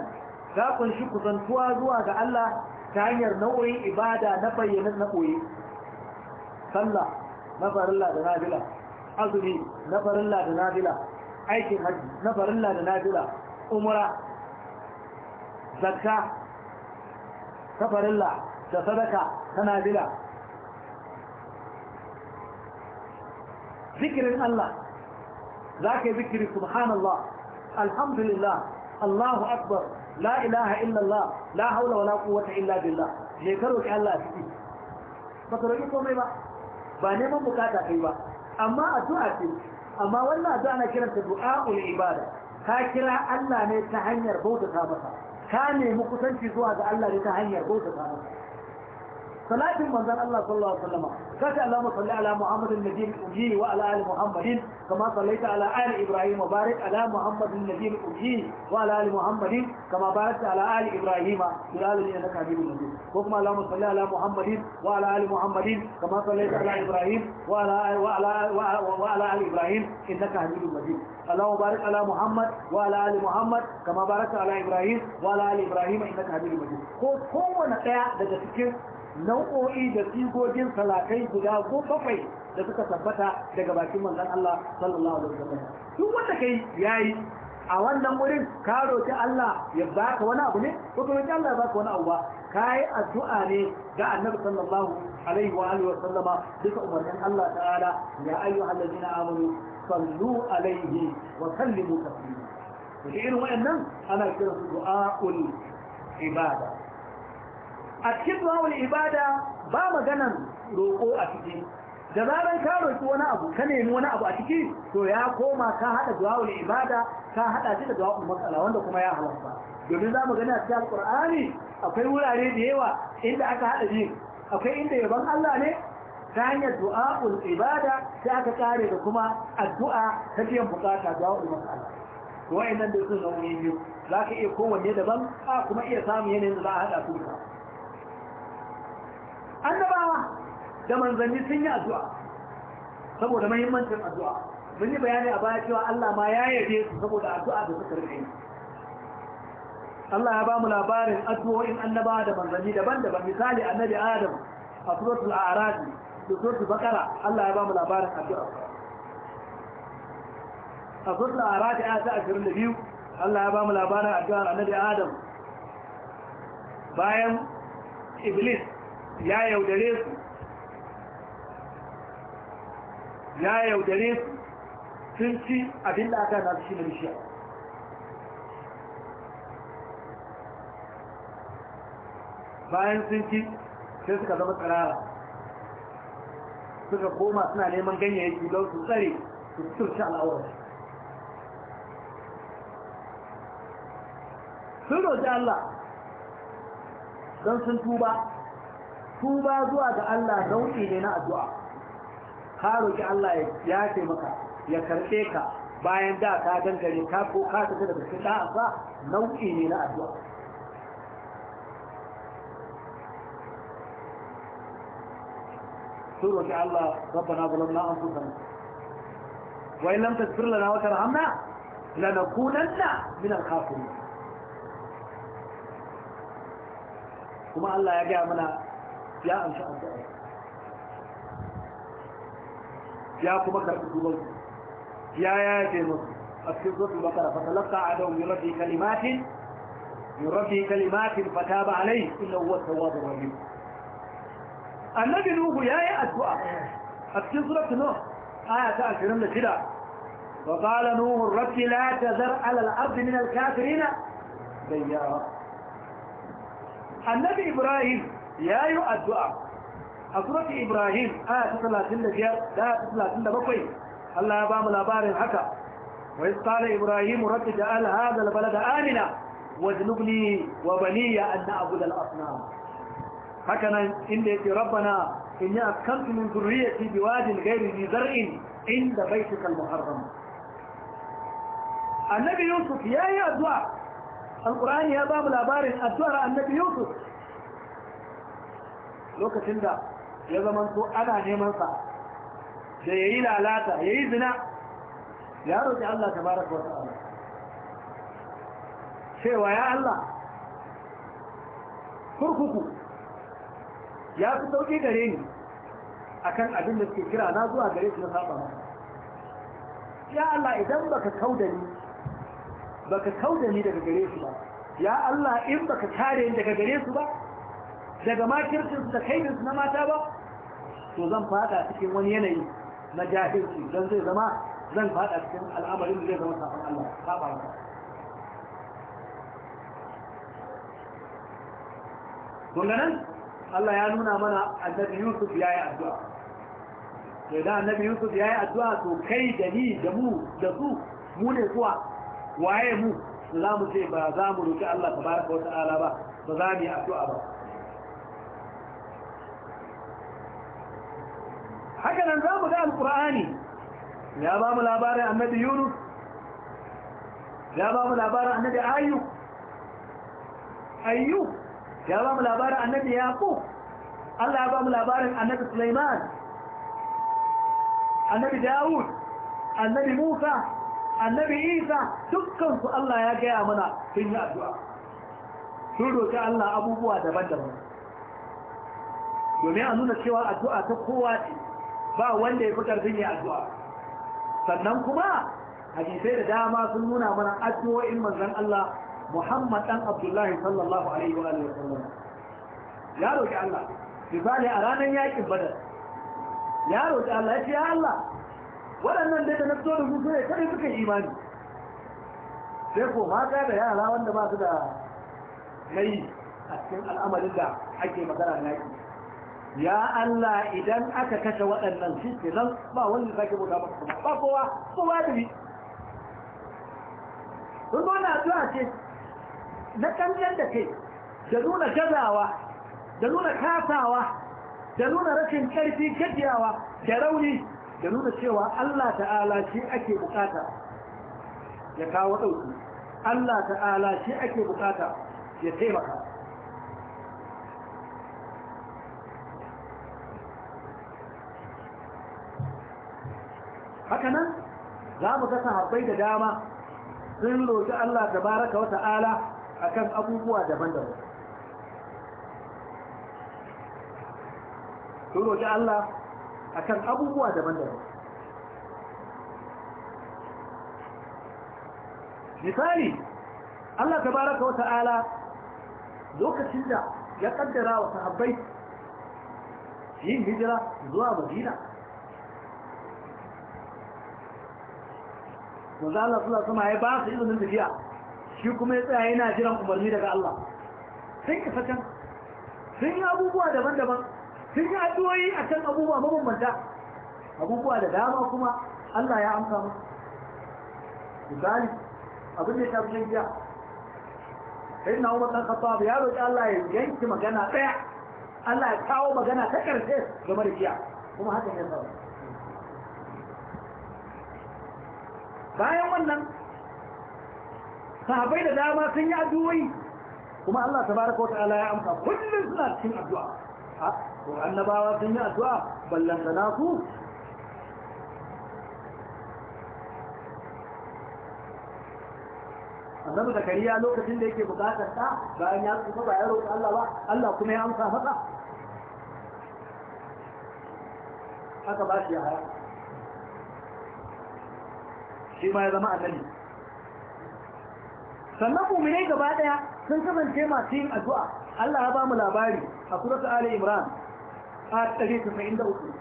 za kunshi kusantuwa zuwa ga Allah ta hanyar nau'in ibada na bayyana na koyi sallah na farilla da nabila azumi na farilla da nabila aikin hajji na farilla da nabila umra zakka ta da sadaka tana nabila zikirin Allah za ka yi zikiri subhanallah alhamdulillah Allahu akbar la ilaha illallah la haula wala quwwata illa billah me ka roki Allah ciki ba ka roki komai ba ba neman bukata kai ba amma addu'a ce amma wannan addu'a na kiranta du'a'ul ibada ka kira Allah ne ta hanyar bauta ta masa ta nemi kusanci zuwa ga Allah ne ta hanyar bauta ta salatin manzan Allah sallallahu alaihi wasallam kace Allahumma salli ala Muhammadin nabiyil ummi wa ala ali Muhammadin kama sallaita ala ali Ibrahim wa barik ala Muhammadin nabiyil ummi wa ala ali Muhammadin kama barakta ala ali Ibrahim fil alamin innaka Hamidum Majid ko kuma Allahumma salli ala Muhammadin wa ala ali Muhammadin kama sallaita ala Ibrahim wa ala wa ala wa ala ali Ibrahim innaka Hamidum Majid اللهم بارك على محمد وعلى ال محمد كما باركت على ابراهيم وعلى ال ابراهيم انك حميد مجيد ko kowane daya daga cikin nau'o'i da sigogin salakai guda ko bakwai da suka tabbata daga bakin manzon Allah sallallahu alaihi wasallam duk wanda kai yayi a wannan wurin ka roki Allah ya baka wani abu ne ko ka roki Allah ya baka wani abu ba kai addu'a ne ga Annabi sallallahu alaihi wa alihi wasallam duka umarnin Allah ta'ala ya ayyuhal ladina amanu sallu alaihi wa sallimu taslima irin wannan ana du'a ul ibada a cikin du'a'ul ibada ba maganan roƙo a cikin da zaran ka roƙi wani abu ka nemi wani abu a ciki to ya koma ka haɗa du'a'ul ibada ka haɗa shi da du'a'ul matsala wanda kuma ya ba. domin za mu gani a cikin alƙur'ani akwai wurare da yawa inda aka haɗa biyu akwai inda yaban Allah ne ta hanyar du'a'ul ibada sai aka tsare da kuma addu'a ta biyan bukata du'a'ul matsala to wa'annan da sun zaune biyu za ka iya kowanne daban a kuma iya samun yanayin da za a haɗa su annabawa da manzanni sun yi addu'a saboda mahimmancin addu'a mun yi bayani a baya cewa Allah ma ya yabe su saboda addu'a da suka rike Allah ya ba mu labarin addu'o'in annabawa da manzanni daban-daban misali annabi Adam a suratul A'raf da suratul Baqara Allah ya ba mu labarin addu'a a suratul A'raf ayat 22 Allah ya ba mu labarin addu'ar annabi Adam bayan Iblis ya yaudare su ya yaudare su sun ci abin da aka na shi na bishiya bayan sun ci sai suka zama tsarara, suka koma suna neman ganyayyaki don su tsare su turci al'awar. sun roƙi Allah don sun tuba tuba zuwa ga Allah zauki ne na addu'a ka roki Allah ya yafe maka ya karbe ka bayan da ka dangare ka ko ka tafi da cikin da'asa nau'i ne na addu'a sun roƙi Allah rabbana zalamna anfusana wa in lam taghfir lana wa tarhamna lanakunanna min al-khasirin kuma Allah ya gaya mana يا ان شاء الله يا كما كتبوا يا يا تيمم اكتبوا بكره فتلقى عدو يربي كلمات يربي كلمات فتاب عليه انه هو التواب الرحيم النبي نوح يا يا الدعاء اكتب سوره نوح ايه تاخرنا كده وقال نوح رب لا تذر على الارض من الكافرين ديارا النبي ابراهيم يا ايها الدعاء حضره ابراهيم ايه 35 لا 37 الله يبارك لبارين هكا ويقال ابراهيم رب جعل هذا البلد امنا واجنبني وبني ان اعبد الاصنام هكذا ان يتي ربنا اني اسكنت من ذريتي بواد غير ذي زرع عند بيتك المحرم النبي يوسف يا ايها الدعاء القران يا باب لبارين ادعى النبي يوسف lokacin da ya zama to ana neman sa da yi lalata ya yi zina ya roƙi Allah ta tabaraka wa ta'ala cewa ya Allah kurkuku ya fi sauki gare ni a kan abin da suke kira na zuwa gare su na saba masa ya Allah idan baka kauda ni baka kauda ni daga gare su ba ya Allah in baka kare ni daga gare su ba daga makircin da kaidin na mata ba to zan fada cikin wani yanayi na jahilci don zai zama zan fada cikin al'amarin da zai zama safan Allah saba masa kun nan Allah ya nuna mana annabi Yusuf ya yi addu'a to idan annabi Yusuf ya yi addu'a to kai da ni da mu da su mu ne kuwa waye mu za mu ce ba za mu roki Allah tabaraka wa ta'ala ba ba za mu yi addu'a ba haka nan za mu ga alkur'ani ya ba mu labarin annabi yunus ya ba mu labarin annabi ayu ayu ya ba mu labarin annabi yaqub Allah ya ba mu labarin annabi Sulaiman annabi Dawud annabi Musa annabi Isa dukkan su Allah ya gaya mana sun yi addu'a sun roƙi Allah abubuwa daban-daban domin a nuna cewa addu'a ta kowa ba wanda ya fi karfin ya addu'a sannan kuma hadisai da dama sun nuna mana addu'o'in manzon Allah Muhammad dan Abdullahi sallallahu alaihi wa sallam. ya roki Allah misali a ranar yakin Badar ya roki Allah ya ce ya Allah waɗannan da na fito da su ne kada suka imani sai ko mata da yara wanda ba su da nayi a cikin al'amarin da ake magana na yaki ya Allah idan aka kashe waɗannan shi nan ba wani zaki bauta ba ba kowa kowa da bi sun zo na zuwa ce na ƙanjan da kai da nuna gazawa da nuna kasawa da nuna rashin ƙarfi gajiyawa da rauni da nuna cewa Allah ta'ala shi ake bukata ya kawo ɗauki Allah ta'ala shi ake bukata ya taimaka haka nan za mu ga sahabbai da dama sun roƙi Allah tabaraka wa ta'ala akan abubuwa daban-daban sun roƙi Allah akan abubuwa daban-daban misali Allah tabaraka wa ta'ala lokacin da ya kaddara wa sahabbai yin hijira zuwa madina manzo Allah sallallahu alaihi ya ba su izinin tafiya shi kuma ya tsaya yana jiran umarni daga Allah sun isa can sun yi abubuwa daban-daban sun yi addu'o'i a kan abubuwa mabambanta abubuwa da dama kuma Allah ya amsa musu misali abin da ya shafi shan giya sai na umar ɗan kasuwa ya roƙi Allah ya yanki magana ɗaya Allah ya kawo magana ta ƙarshe game da giya kuma hakan ya sauya bayan wannan sahabai da dama sun yi addu'o'i kuma Allah tabaraka wata'ala ya amsa kullum suna cikin addu'a Ha? ko annabawa sun yi addu'a ballantana ku annabi kariya lokacin da yake bukatar ta bayan ya tsufa ba ya roƙi Allah ba Allah kuma ya amsa masa Haka ba shi ya haya shi ma ya zama annabi sannan mu'minai gaba daya sun kasance masu yin addu'a Allah ya ba mu labari a suratu Ali Imran a 193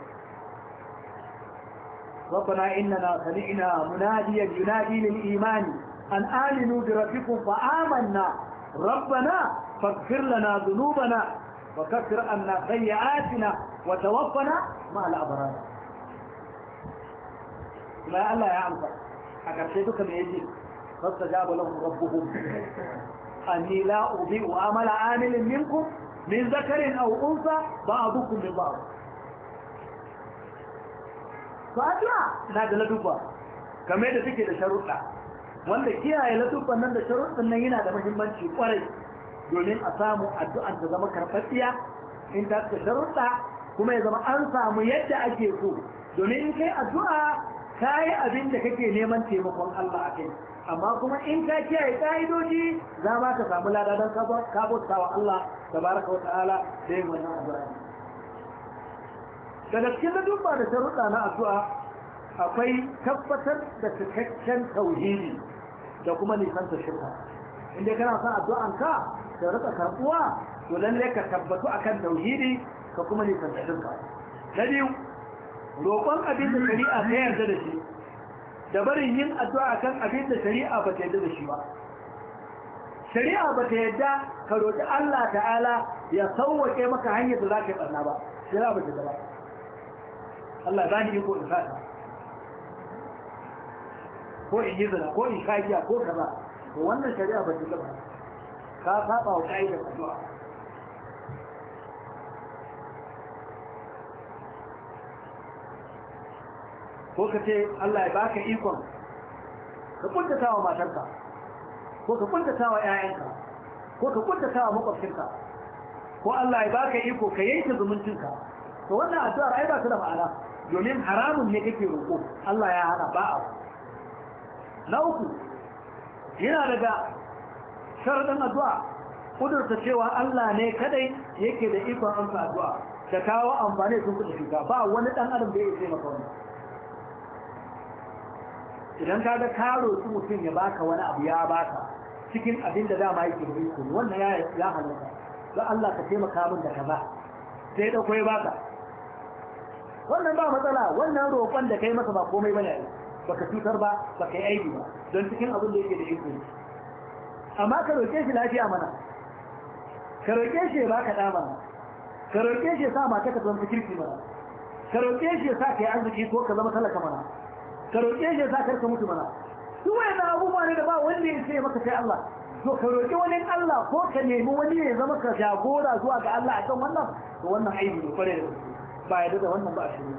ربنا إننا سمعنا مناديا ينادي للإيمان أن آمنوا بربكم فآمنا ربنا فاغفر لنا ذنوبنا وكفر عنا سيئاتنا وتوفنا مع الأبرار لا الله يا عمسى a ƙarshe duka mai yake fasta jaba lahu rabbuhum anni la ubi'u amala amilin minkum min zakarin aw unsa ba'dukum min ba'd fatiha na da laduba kamar da take da sharuɗa wanda kiyaye ladubban nan da sharuɗan nan yana da muhimmanci kwarai domin a samu addu'an ta zama karfafiya in ta ta sharuɗa kuma ya zama an samu yadda ake so domin in kai addu'a ka yi abin da kake neman taimakon Allah a kai amma kuma in ka kiyaye ka'idoji za ma ka samu lada don ka bauta wa Allah tabaraka wa ta'ala da yin wannan addu'a Da cikin da dubba da sharuɗa na addu'a akwai tabbatar da cikakken tauhidi da kuma ta shirka inda kana son addu'an ka da rika karɓuwa to lalle ka tabbatu akan tauhidi ka kuma ta shirka na biyu roƙon abin da shari'a ta yarda da shi da barin yin addu'a kan abin da shari'a ba ta yarda da shi ba shari'a ba ta yarda ka roƙi Allah ta'ala ya sauwake maka hanyar da za ka ɓarna ba shari'a ba ta yarda ba Allah za ni iko in fata ko in yi zina ko in kajiya ko kaza to wannan shari'a ba ta yarda ba ka saba wa ka'idar addu'a ko ka ce Allah ya baka ikon ka kuntata wa matarka ko ka kuntata wa ƴaƴanka ko ka kuntata wa makwabcinka ko Allah ya baka iko ka yanke zumuncinka to wannan addu'ar ai ba ta da ma'ana domin haramun ne kake roƙo Allah ya hana ba na uku yana daga sharadin addu'a kudurta cewa Allah ne kadai yake da ikon amsa addu'a da kawo amfani sun kuɗa shuka ba wani dan adam da ya taimaka wani. idan ka ga ka roƙi mutum ya baka wani abu ya baka cikin abin da dama yake da iko wannan ya ya halaka don Allah ka taimaka min da kaza sai da koyi baka wannan ba matsala wannan roƙon da kai masa ba komai bane baka cutar ba baka yi aiki ba don cikin abin da yake da iko amma ka roƙe shi lafiya mana ka roƙe shi baka da mana ka roƙe shi sa ma ka zama kirki mana ka roƙe shi sa kai arziki ko ka zama talaka mana ka roƙe shi za ka mutu mana Duk wai na abubuwa ne da ba wanda ya ce maka sai Allah to ka roƙi wani Allah ko ka nemi wani ya zama ka jagora zuwa ga Allah a kan wannan to wannan aibi ne kware da ba ya da wannan ba a shiru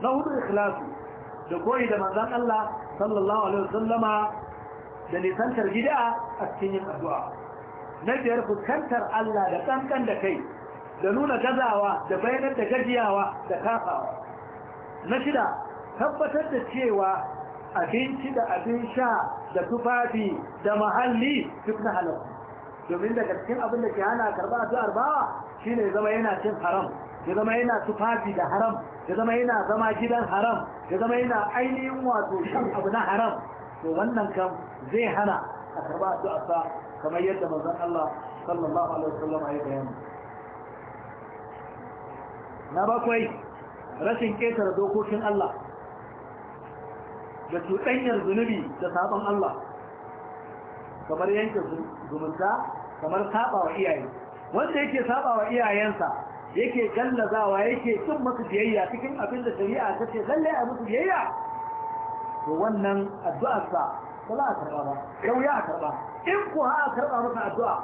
na hudu ikhlasu da koyi da manzan Allah sallallahu alaihi wasallama da nisantar bid'a a cikin yin addu'a na biyar fuskantar Allah da kankan da kai da nuna gazawa da bayanar da gajiyawa da kafawa na shida tabbatar da cewa abinci da abin sha da tufafi da mahalli duk na domin daga cikin abin da ke hana karɓar arbawa bawa ne zama yana cin haram ya zama yana tufafi da haram ya zama yana zama gidan haram ya zama yana ainihin wato shan abu na haram to wannan kam zai hana a karɓar addu'ar sa kamar yadda mazan Allah sallallahu alaihi wasallam ya bayani na bakwai rashin ƙetare dokokin Allah da cuɗanyar zunubi da sabon Allah kamar yanke zumunta kamar saba wa iyaye wanda yake saɓawa iyayensa yake gallazawa yake cin masu biyayya cikin abin da shari'a ta ce lalle a musu biyayya to wannan addu'arsa ba za a karɓa ba yau ya karɓa in kuwa a karɓa masa addu'a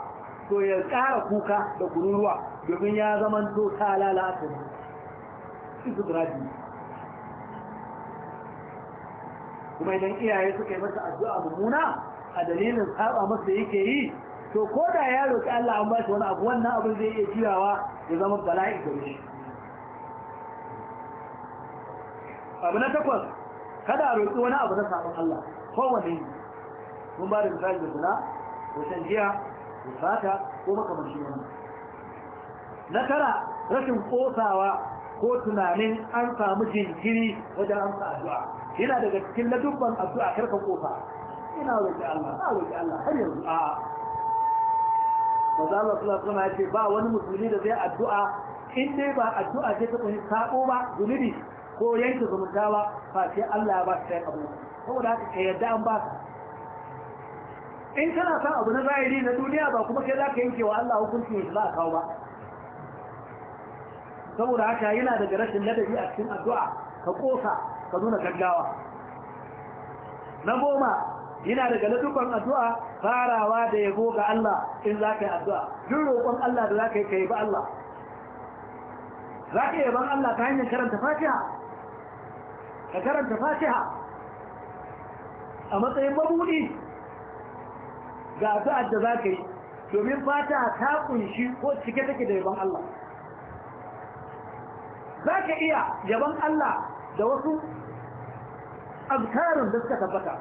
to ya ƙara kuka da kururuwa domin ya zamanto ta lalata ne. kuma idan iyaye suka yi masa addu'a mummuna a dalilin saba masa yake yi to ko da ya roƙi Allah an ba shi wani abu wannan abin zai iya juyawa ya zama bala'i ga shi abu na takwas kada a roƙi wani abu na sabon Allah kowane mun ba da misali da zina ko san jiya ko fata ko makamashi wani na tara rashin kosawa ko tunanin an samu jinkiri wajen amsa addu'a yana daga cikin ladubban addu'a karka kofa ina roƙi Allah ina roƙi Allah har yanzu a maza Allah sallallahu alaihi wasallam ya ce ba wani musulmi da zai addu'a in dai ba addu'a ce ta kunshi sabo ba zunubi ko yanke zumunta ba fa sai Allah ya ba shi abu saboda haka ka yadda an ba in kana son abu na zahiri na duniya ba kuma kai za ka yanke wa Allah hukunci shi za a kawo ba saboda haka yana daga rashin ladabi a cikin addu'a ka kosa ka nuna gaggawa na goma yana daga ladukan addu'a farawa da yabo ga Allah in za ka yi addu'a duk roƙon Allah da za ka yi ka yabi Allah za ka yaban Allah ta hanyar karanta fatiha ka karanta fatiha a matsayin mabuɗi ga addu'ar da za ka yi domin fatiha ta kunshi ko cike take da yaban Allah za ka iya gaban Allah da wasu abkarin da suka tabbata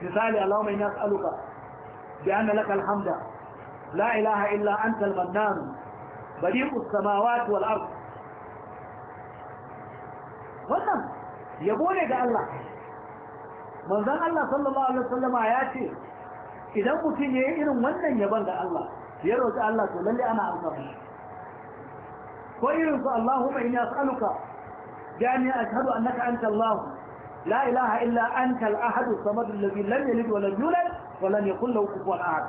misali Allah mai nasu aluka bi an laka alhamda la ilaha illa anta al-mannan bari'u samawati wal ard wannan yabo ne ga Allah manzon Allah sallallahu alaihi wasallama ya ce idan mutum yayi irin wannan yabon ga Allah ya roƙi Allah to lalle ana amsa ko irin su Allahumma inni as'aluka yani ashhadu annaka anta Allah la ilaha illa anta al-ahad as-samad alladhi lam yalid wa lam yulad wa lam yakul lahu kufuwan ahad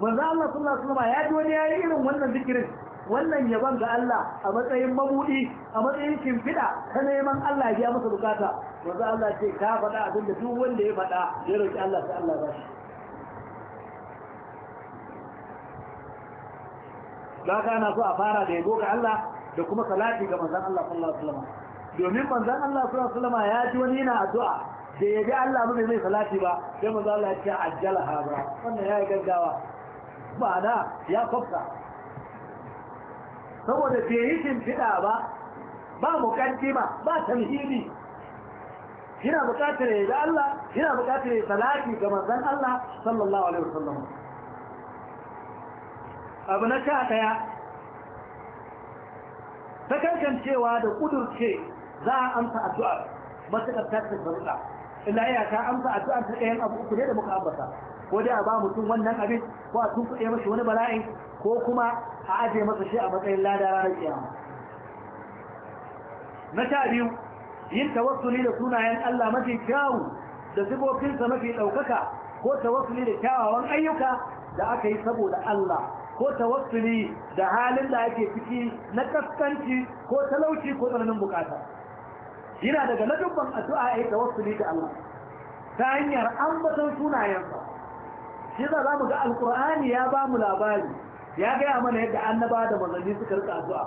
manzo Allah sallallahu alaihi wasallam ya ji wani yayi irin wannan zikirin wannan yaban ga Allah a matsayin mabudi a matsayin kimfida ta neman Allah ya biya masa bukata manzo Allah ce ka faɗa abin da duk wanda ya faɗa ya roki Allah sai Allah ya bashi da na ana so a fara da yabo ga Allah da kuma salati ga manzon Allah sallallahu alaihi wasallam domin manzon Allah sallallahu alaihi wasallam ya ji wani yana addu'a da yabi Allah Allah bai mai salati ba sai manzon Allah ya ce ajjalaha ba wannan ya yi gaggawa da ya kwafta saboda bai yi shimfiɗa ba ba mukaddima ba tamhidi yana bukatar ya Allah yana bukatar salati ga manzon Allah sallallahu alaihi wasallam abu na sha ɗaya ta kankancewa da ƙudurce za a amsa addu'ar matuƙar tattalin baruɗa ina iya ta amsa addu'ar ta ɗayan abu uku ne da muka ambata ko dai a ba mutum wannan abin ko a tun kuɗe mashi wani bala'in ko kuma a aje masa shi a matsayin lada ranar kiyama na sha biyu yin tawassuli da sunayen Allah mafi kyawu da sifofinsa mafi ɗaukaka ko tawassuli da kyawawan ayyuka da aka yi saboda Allah ko tawassuli da halin da ake ciki na kaskanci ko talauci ko tsananin bukata yana daga ladubban addu'a ya yi tawassuli ga Allah ta hanyar ambaton sunayensa shi za za mu ga alkur'ani ya ba mu labari ya gaya mana yadda annaba da manzanni suka rika addu'a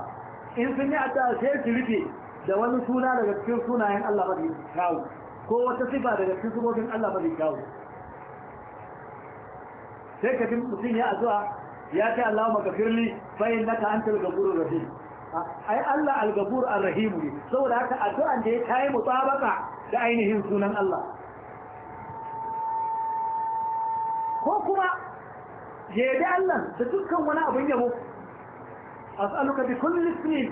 in sun yi addu'a sai su rufe da wani suna daga cikin sunayen Allah bari kawo ko wata sifa daga cikin sunayen Allah bari kawo sai ka ji mutum ya addu'a ya ce Allahumma ghafirli fa innaka antal ghafurur rahim ai Allah al-ghafur ar-rahim ne saboda haka addu'an da ya kai mutabaka da ainihin sunan Allah ko kuma yabi Allah da dukkan wani abin yabo as'aluka bi kulli ismin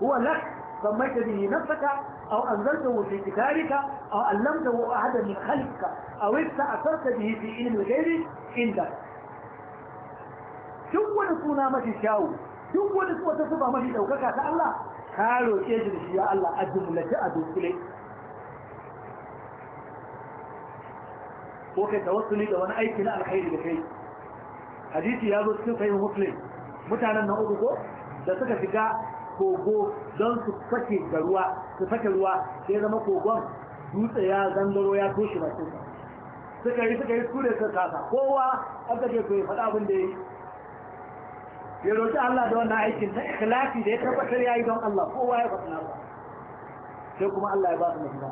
huwa lak sammaita bihi nafsaka أو أنزلته في كتابك أو علمته أحدا من خلقك أو استأثرت به في علم الغيب عندك duk wani suna mafi kyawu duk wani wata suna mafi ɗaukaka ta Allah ka roƙe shi da shi ya Allah a jimlaci a dunkule ko kai ne da wani aiki na alkhairi da kai hadisi ya zo cikin sahih muslim mutanen na uku ko da suka shiga kogo don su sake da ruwa su sake ruwa sai zama kogon dutse ya zandaro ya toshe bakin suka yi suka yi su da suka kasa kowa aka ce ku faɗa abin da ya yi ya roƙi Allah da wannan aikin ta ikhlasi da ya tabbatar ya yi don Allah kowa ya faɗi nasa sai kuma Allah ya ba su mafita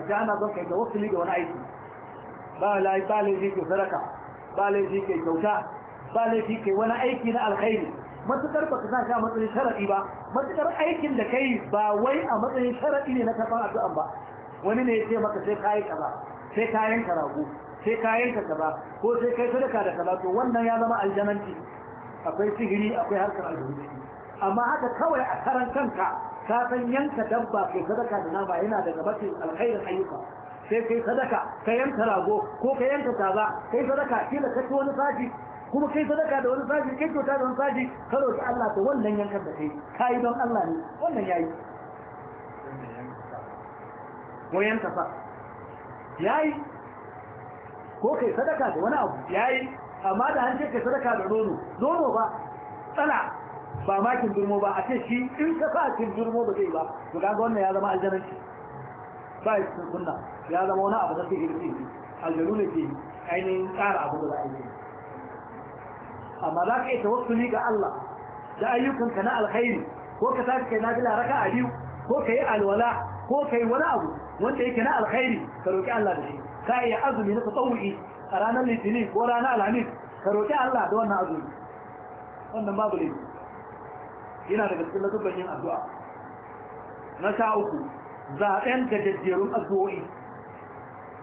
a ji ana zan kai ga tawassuli da wani aiki ba lai ba laifi ke sadaka ba laifi ke kyauta ba laifi ke wani aiki na alkhairi matukar ba ka sa a matsayin sharaɗi ba matukar aikin da kai ba wai a matsayin sharaɗi ne na karɓar addu'an ba wani ne ya ce maka sai kayi kaza sai kayan karago sai kayan ka kaza ko sai kai sadaka da kaza to wannan ya zama aljananci akwai sihiri akwai harkar alhuri amma haka kawai a karan kanka ka san yanka dabba kai sadaka da nama yana daga mafi alkhairin ayyuka sai kai sadaka ka yanka rago ko ka yanka taba, kai sadaka kila ka ci wani saji, kuma kai sadaka da wani saji kai kyauta da wani saji, ka roki Allah da wannan yankan da kai kai don Allah ne wannan yayi ko yanka sa yayi ko kai sadaka da wani abu yayi amma da an ce ka sadaka da nono nono ba tsala ba makin durmo ba a ce shi in ka sa kin durmo ba zai ba to kaga wannan ya zama aljananci ba ya cikin sunna ya zama wani abu da sai irfi aljanu ne ke ainihin tsara abu da za a yi amma za ka yi tawassuli ga Allah da ayyukanka na alkhairi ko ka tashi kai nafila raka a biyu ko ka yi alwala ko ka yi wani abu wanda yake na alkhairi ka roƙi Allah da shi ka iya azumi na tsawuri a ranar litini ko ranar alhamis ka roƙi Allah da wannan azumi wannan babu ne yana daga cikin latubban yin addu'a na sha uku zaɓen gajajjerun addu'o'i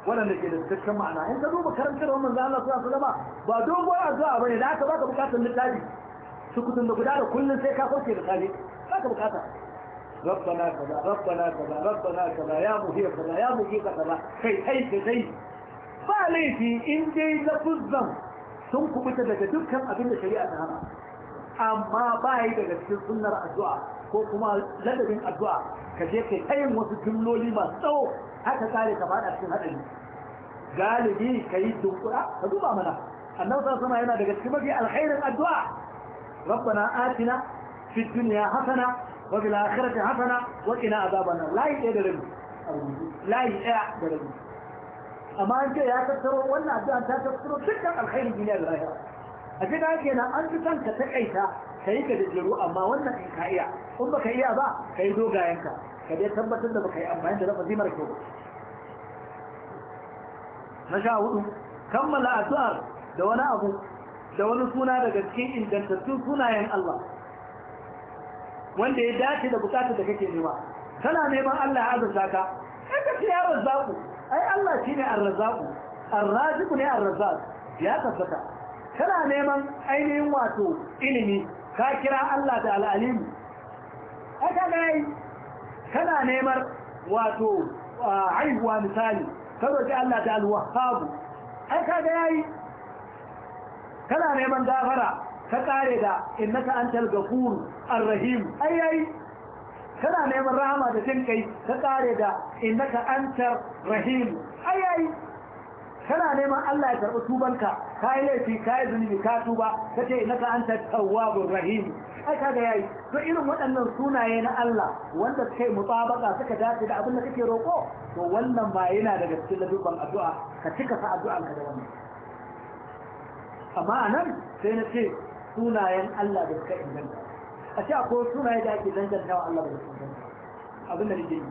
waɗanda ke da cikakken ma'ana in ka zo da wannan za Allah su zama ba dogon addu'a ne da aka baka bukatar littafi su kutun da guda da kullum sai ka sauke da tsari za ka bukata rabbana kaza rabbana kaza rabbana kaza ya muhiya kaza ya muhiya kaza kai kai kai ba laifi in dai lafuzan sun kubuta daga dukkan abin da shari'a ta hana amma ba yi daga cikin sunnar addu'a ko kuma ladabin addu'a ka je kai tayin wasu jumloli masu tsawo haka kare ka faɗa cikin haɗari galibi ka yi dunkura ka duba mana annabi sallallahu alaihi yana daga cikin mafi alkhairin addu'a rabbana atina fi dunya hasana wa fil akhirati hasana wa qina azabannar layi ɗaya da rabi layi ɗaya da rabi amma an ce ya tattaro wannan addu'an ta tattaro dukkan alkhairin duniya da lahira a ji na kenan an fi son ka taƙaita ka yi ka jajjaru amma wannan in ka iya in baka iya ba ka yi dogayenka ka dai tabbatar da baka yi amfani da lafazi mara kyau na sha hudu kammala addu'ar da wani abu da wani suna daga cikin ingantattun sunayen Allah wanda ya dace da bukatar da kake nema kana neman Allah ya azurta ka kaka ce yaron zaku ai Allah shi ne arrazaku arraziku ne arrazak ya tabbata kana neman ainihin wato ilimi ka kira Allah da al'alimu aka gai kana neman wato haihuwa misali ka roƙi Allah da alwahabu aka gai kana neman gafara ka kare da innaka antal gafuru arrahim ai ai Kana neman rahama da jin kai ta tsare da innaka antar rahim ayayi kana neman Allah ya karɓi tubanka ka yi laifi ka yi zunubi ka tuba ka ce innaka anta tawwabur rahim ai ka ga yayi to irin waɗannan sunaye na Allah wanda suka yi mutabaka suka dace da abin da kake roƙo to wannan ba yana daga cikin ladubban addu'a ka cika sa addu'anka da wannan amma anan sai na ce sunayen Allah da suka inganta a ce akwai sunaye da ake danganta wa Allah da su abin da nake yi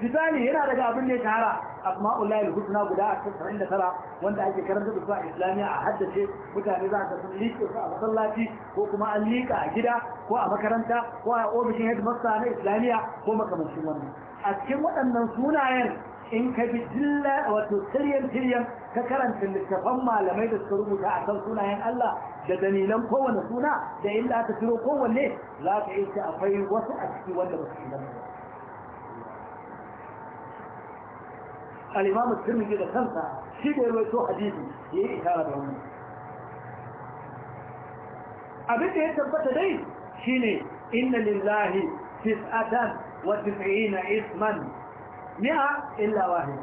misali yana daga abin da ya tara asma'ullahi al-husna guda a cikin tara wanda ake karanta da su a islamiyya a haddace mutane za ka sun liƙe su a masallaci ko kuma an liƙa a gida ko a makaranta ko a ofishin headmaster na islamiyya ko makamancin wannan a cikin waɗannan sunayen in ka bi tilla wato tiryan tiryan ka karanta littafan malamai da suka rubuta a kan sunayen Allah da dalilan kowane suna da inda aka tiro kowanne za ka yi ta akwai wasu a ciki wanda ba su ba الإمام الترمذي ده خمسة شيء يرويته حديثي يجي إشارة بهم أبدا يتبت دي شيني إن لله تسعة وتسعين isman. mi'a illa wahid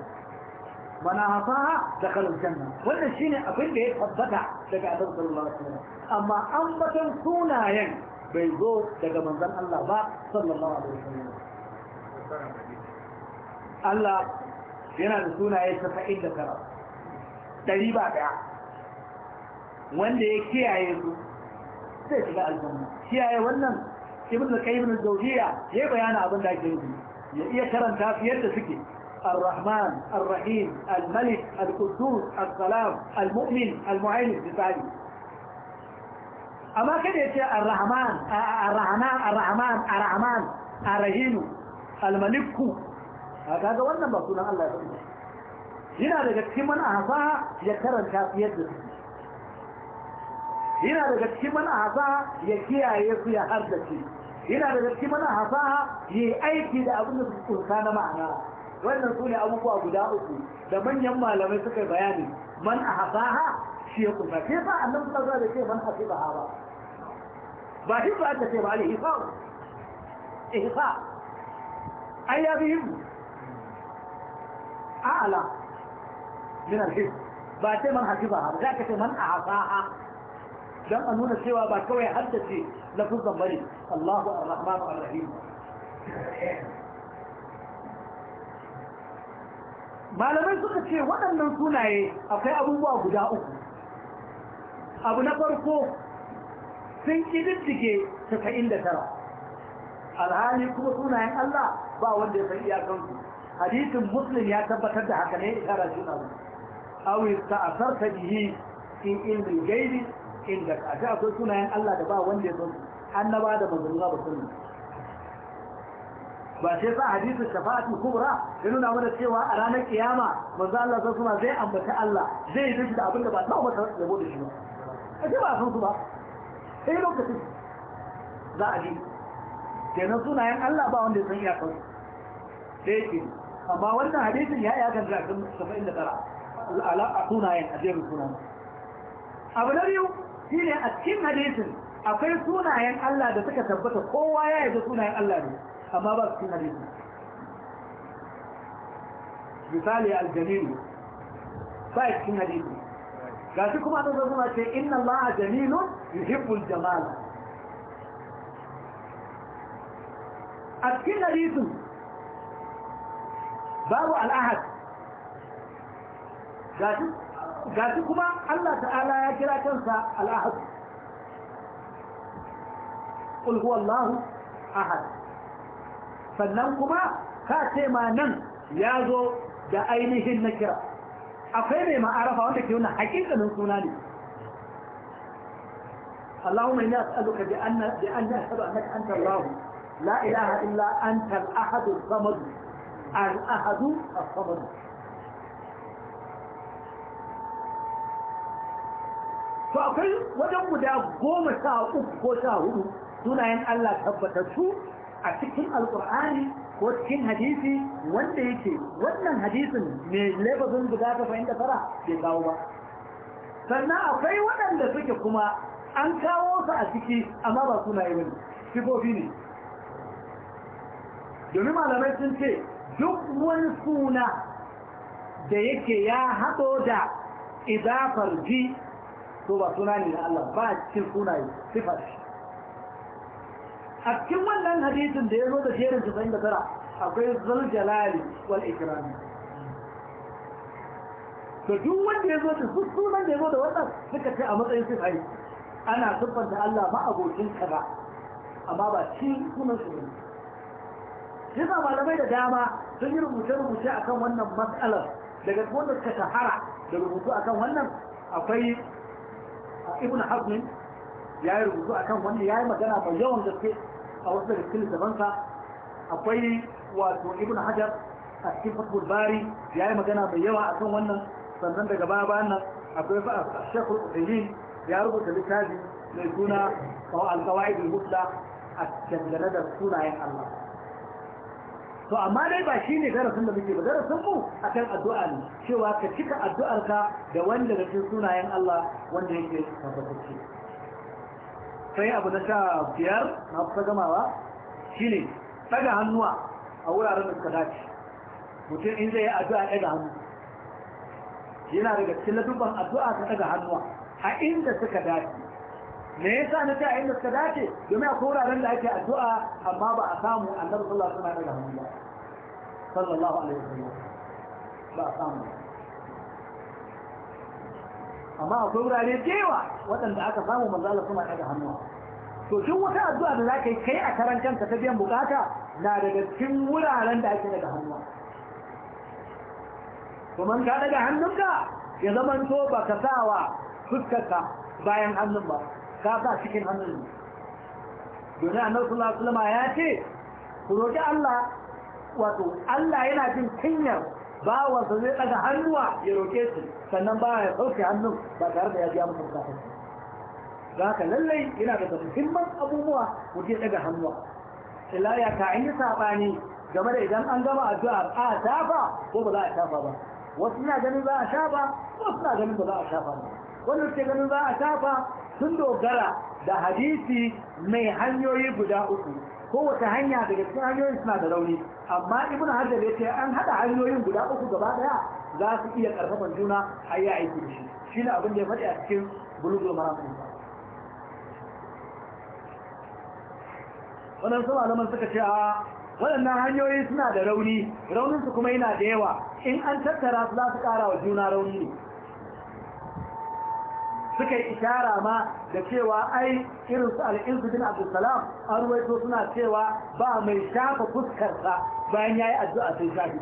mana hafaha da kalin janna wannan shi ne abin da ya tabbata daga annabi sallallahu alaihi wasallam amma ambatan sunayen bai zo daga manzan Allah ba sallallahu alaihi wasallam Allah yana da sunaye da 79 ɗari ba ɗaya wanda ya kiyaye su zai shiga aljanna kiyaye wannan ibn da kai al-jawziya ya bayana abin da ake nufi ya iya karanta yadda suke الرحمن الرحيم الملك القدوس السلام المؤمن المعين misali amma kada ya ce arrahman arrahman arrahman arrahman arrahim almaliku kaga wannan ba sunan Allah ya faɗi yana daga cikin man ahsaha ya karanta su yadda su yana daga cikin man ahsaha ya kiyaye su ya hardace yana da gaske mana hasaha yi aiki da abin da suka kusa na ma'ana wannan su ne abubuwa guda uku da manyan malamai suka bayani man a hasaha shi ya kusa ke sa annan suka zuwa da ce man a ba ba ba shi ba aka ce ba ne ihsa ihsa ai ya bi hibu a'ala min alhib ba ce man hafiza ba za ka ce man a hasaha don a nuna cewa ba kawai haddace lafuzan bane Allahu ar-Rahman malamai suka ce waɗannan sunaye akwai abubuwa guda uku abu na farko sun ƙididdige 99 alhali kuma sunayen Allah ba wanda ya san iyakansu hadisin muslim ya tabbatar da haka ne ya tara shi na awi ta asarta bihi in ilmin gaibi in da akwai sunayen Allah da ba wanda ya san annaba da manzanni ba sun ba sai sa hadisi shafa'atu kubra ya nuna mana cewa a ranar kiyama manzo Allah sai kuma zai ambata Allah zai yi da abin da ba ta mata yabo da shi ba A ce ba san su ba sai lokacin za a ji kenan sunayen Allah ba wanda ya san iyakar sai ke amma wannan hadisin ya iya ganta kan 79 a sunayen ajerin sunayen abu na biyu Shi ne a cikin hadisin akwai sunayen Allah da suka tabbata kowa ya yi yarda sunayen Allah ne amma ba su cikin hadisin misali aljamilu ba cikin hadisin ga shi kuma ta zama ce inna Allah jamilu yuhibbul jamal a cikin hadisin babu al'ahad ga shi ga kuma Allah ta'ala ya kira kansa al’ahad ƙulhu ahad sannan kuma ka ce ma nan ya zo da ainihin na kira akwai mai ma'arafa wanda ke wani haƙiƙanin suna ne Allahumma ina tsaluka bi anna bi anna hada annaka antal rahu illa antal ahadu samadu al ahadu as samadu to akwai wajen guda goma sha uku ko sha hudu sunayen Allah tabbatattu a cikin alkur'ani ko cikin hadisi wanda yake wannan hadisin mai laifin guda ta fahimta tara bai kawo ba sannan akwai waɗanda suke kuma an kawo su a ciki amma ba sunaye wani sifofi ne domin malamai sun ce duk wani suna da yake ya haɗo da idafar ji to ba suna ne na Allah ba cikin sunaye sifar a cikin wannan hadisin da ya zo da jerin tara akwai zuljalali wal ikrami to duk wanda ya zo da su sunan da ya zo da wannan suka ce a matsayin sifar ana da Allah ma abokin ba amma ba shi sunan su ne yasa malamai da dama sun yi rubuce-rubuce akan wannan matsalar daga wanda suka shahara da rubutu akan wannan akwai ibn hazmin ya yi rubutu a kan wannan ya yi magana mai yawan gaske a wasu daga cikin littafansa akwai wato ibn hajar a cikin fatul bari ya yi magana mai yawa a kan wannan sannan daga baya bayan nan akwai fa shekul usayin ya rubuta littafi mai suna alkawai da mutla a dangane da sunayen allah to amma dai ba shi ne darasin da muke ba darasin mu akan addu'a ne cewa ka cika addu'arka da wanda da cikin sunayen Allah wanda yake tabbatacce sai abu na sha biyar na kusa gamawa shine daga hannuwa a wuraren da suka dace mutum in zai yi addu'a daga hannu yana daga cikin ladubban addu'a ta daga hannuwa a inda suka dace me yasa na ta inda suka dace domin akwai wuraren da ake addu'a amma ba a samu annabi sallallahu alaihi wasallam daga hannu ba sallallahu alaihi wasallam ba a samu amma akwai wurare cewa waɗanda aka samu manzo Allah kuma daga hannu to duk wata addu'a da zaka yi kai a karan kanka ta biyan bukata na daga cikin wuraren da ake daga hannu kuma ka daga hannunka ya zamanto baka sawa fuskarka bayan hannun ba ka sa cikin hannun domin annabi sallallahu alaihi wasallam ya ce ku roƙi Allah wato Allah yana jin kunyar bawansa zai daga hannuwa ya roƙe su, sannan ba ya sauke hannun ba tare da ya biya musu bukatun za ka lallai yana daga muhimman abubuwa ku je daga hannuwa illa ya ka yi saɓani game da idan an gama addu'a a tafa ko ba za a tafa ba wasu na ganin za a shafa wasu na ganin ba za a shafa ba Wannan ce ganin za a shafa sun dogara da hadisi mai hanyoyi guda uku kowace hanya daga cikin hanyoyin suna da rauni amma ibn hajar ya ce an haɗa hanyoyin guda uku gaba ɗaya za su iya ƙarfafan juna a yi aiki da shi shi ne abin da ya faɗi a cikin bulugul maramun wannan malaman suka ce a waɗannan hanyoyi suna da rauni rauninsu kuma yana da yawa in an tattara su za su ƙara wa juna rauni ne. suka yi ishara ma da cewa ai irin su al'insu bin abdulsalam an ruwaito suna cewa ba mai shafa fuskarsa bayan ya yi addu'a sai shafi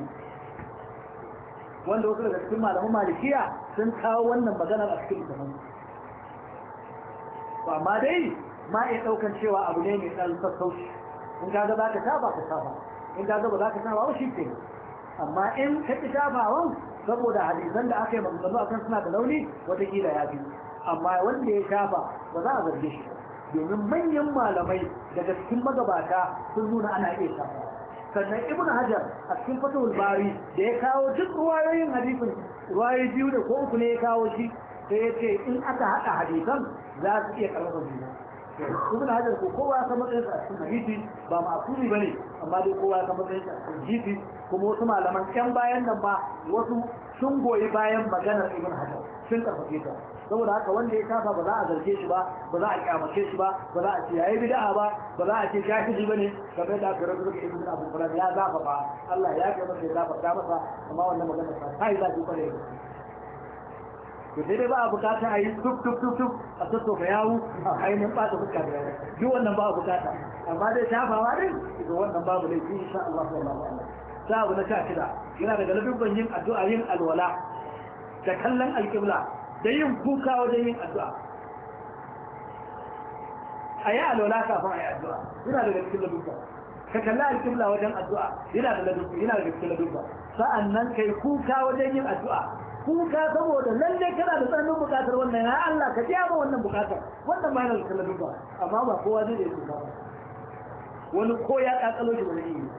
wanda wasu daga cikin malamu malikiya sun kawo wannan maganar a cikin zaman to amma dai ma iya ɗaukan cewa abu ne mai ɗan sassauci in ka ga ba ka saba ka shafa, in ka ga ba za ka ba shi ke amma in ka ƙi sabawan saboda hadisan da aka yi maganganu akan suna da launi watakila ya fi amma wanda ya shafa ba za a zarge shi domin manyan malamai daga cikin magabata sun nuna ana iya shafa sannan ibn hajar a cikin fatahul bari da ya kawo duk ruwayoyin hadisin ruwayoyi biyu da ko uku ne ya kawo shi sai ya ce in aka haɗa hadisan za su iya karɓar juna ibn hajar ko kowa ya san matsayinsa a cikin hadisi ba ma ba ne amma dai kowa ya san matsayinsa a cikin hadisi kuma wasu malaman 'yan bayan nan ba wasu sun goyi bayan maganar ibn hajar sun karfafe ta saboda haka wanda ya kafa ba za a zarge shi ba ba za a kyamace shi ba ba za a ce yayi bid'a ba ba za a ce kafiri bane kamar da aka rubuta ibn Abu Qurayb ya zafa ba Allah ya ga masa ya zafa ta masa amma wannan magana ta sai za ki kware to sai dai ba a bukata a yi tuk tuk tuk tuk a ga yawu a yi ɓata fuska da yawu duk wannan ba a bukata amma dai shafawa dai to wannan babu laifi insha Allah sallallahu alaihi wasallam sa abu na sha shida yana daga ladubban yin addu'a yin alwala da kallon alƙibla da yin kuka wajen yin addu'a a yi alola kafin a yi addu'a yana gaske da ladubba ka kalla alƙibla wajen addu'a yana da ladubba yana daga cikin ladubba sa'an nan ka yi kuka wajen yin addu'a kuka saboda lalle kana da tsananin bukatar wannan ya Allah ka biya ma wannan bukatar wannan ma yana da da ladubba amma ba kowa zai iya kuka wani ko ya kakalo shi wani ne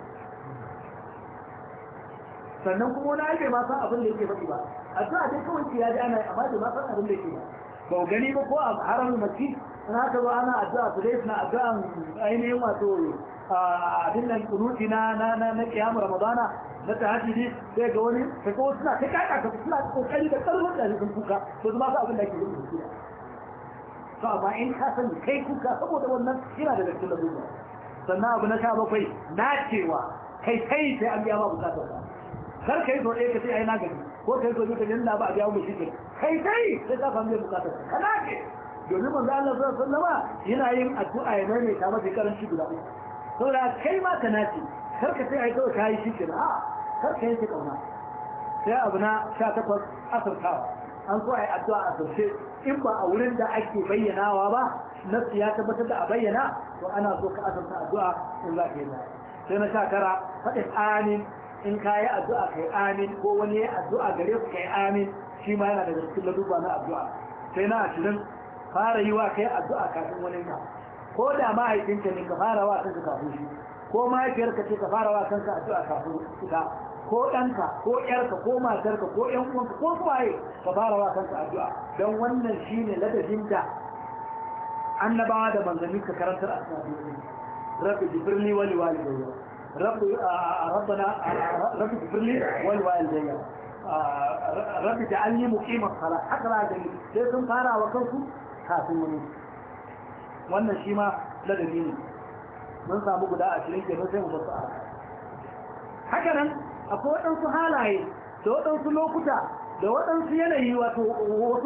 sannan kuma wani ai bai san abin da yake faɗi ba addu'a dai kawai ce ya ji ana amma bai ma san abin da yake ba ba gani ba ko a haram mace in haka zo ana addu'a su dai suna addu'an ainihin wato abin nan kunuti na na na na kiyamu ramadana na tahajjudi sai ga wani sai ko suna ta kaka ka suna kokari da karfin da sun kuka to kuma ka abin da yake yi to amma in ka san kai kuka saboda wannan yana da cikin lafiya sannan abu na sha bakwai na cewa kai kai sai an biya ma bukatar kar yi so ɗaya ka ce ai na gari ko yi so duka yanda ba a biya mu shi kai kai sai ka fahimci bukatar na ke domin manzo Allah sallallahu alaihi yana yin addu'a ya mai ta mafi karanci guda uku saboda kai ma ka nace kar ka sai yi kawai ka yi shi a kar ka yanke kauna sai abu na takwas asirtawa an so yi addu'a a sosai in ba a wurin da ake bayyanawa ba nafsi ya tabbatar da a bayyana to ana so ka asirta addu'a in za ka yi sai na sha kara faɗin amin in ka yi addu'a kai amin ko wani ya addu'a gare ku kai amin shi ma yana daga cikin laduba na addu'a sai na ashirin fara yi wa kai addu'a kafin wani ka ko da mahaifinka ne ka fara wa kanka kafin shi ko mahaifiyarka ce ka fara wa kanka addu'a kafin ita ko ɗanka ko ƴarka ko matarka ko ƴan uwanka ko kwaye ka fara wa kanka addu'a don wannan shi ne ladabinta. annabawa da manzanni ka karantar a cikin rabbi jibrili wali wali da رب ربنا رب اغفر لي والوالدي رب اجعلني مقيم الصلاه حق راجل sai sun fara wa kansu kafin wani wannan shi ma ladabi ne mun samu guda a cikin kenan sai mu basu a haka nan akwai waɗansu halaye da waɗansu lokuta da waɗansu yanayi wato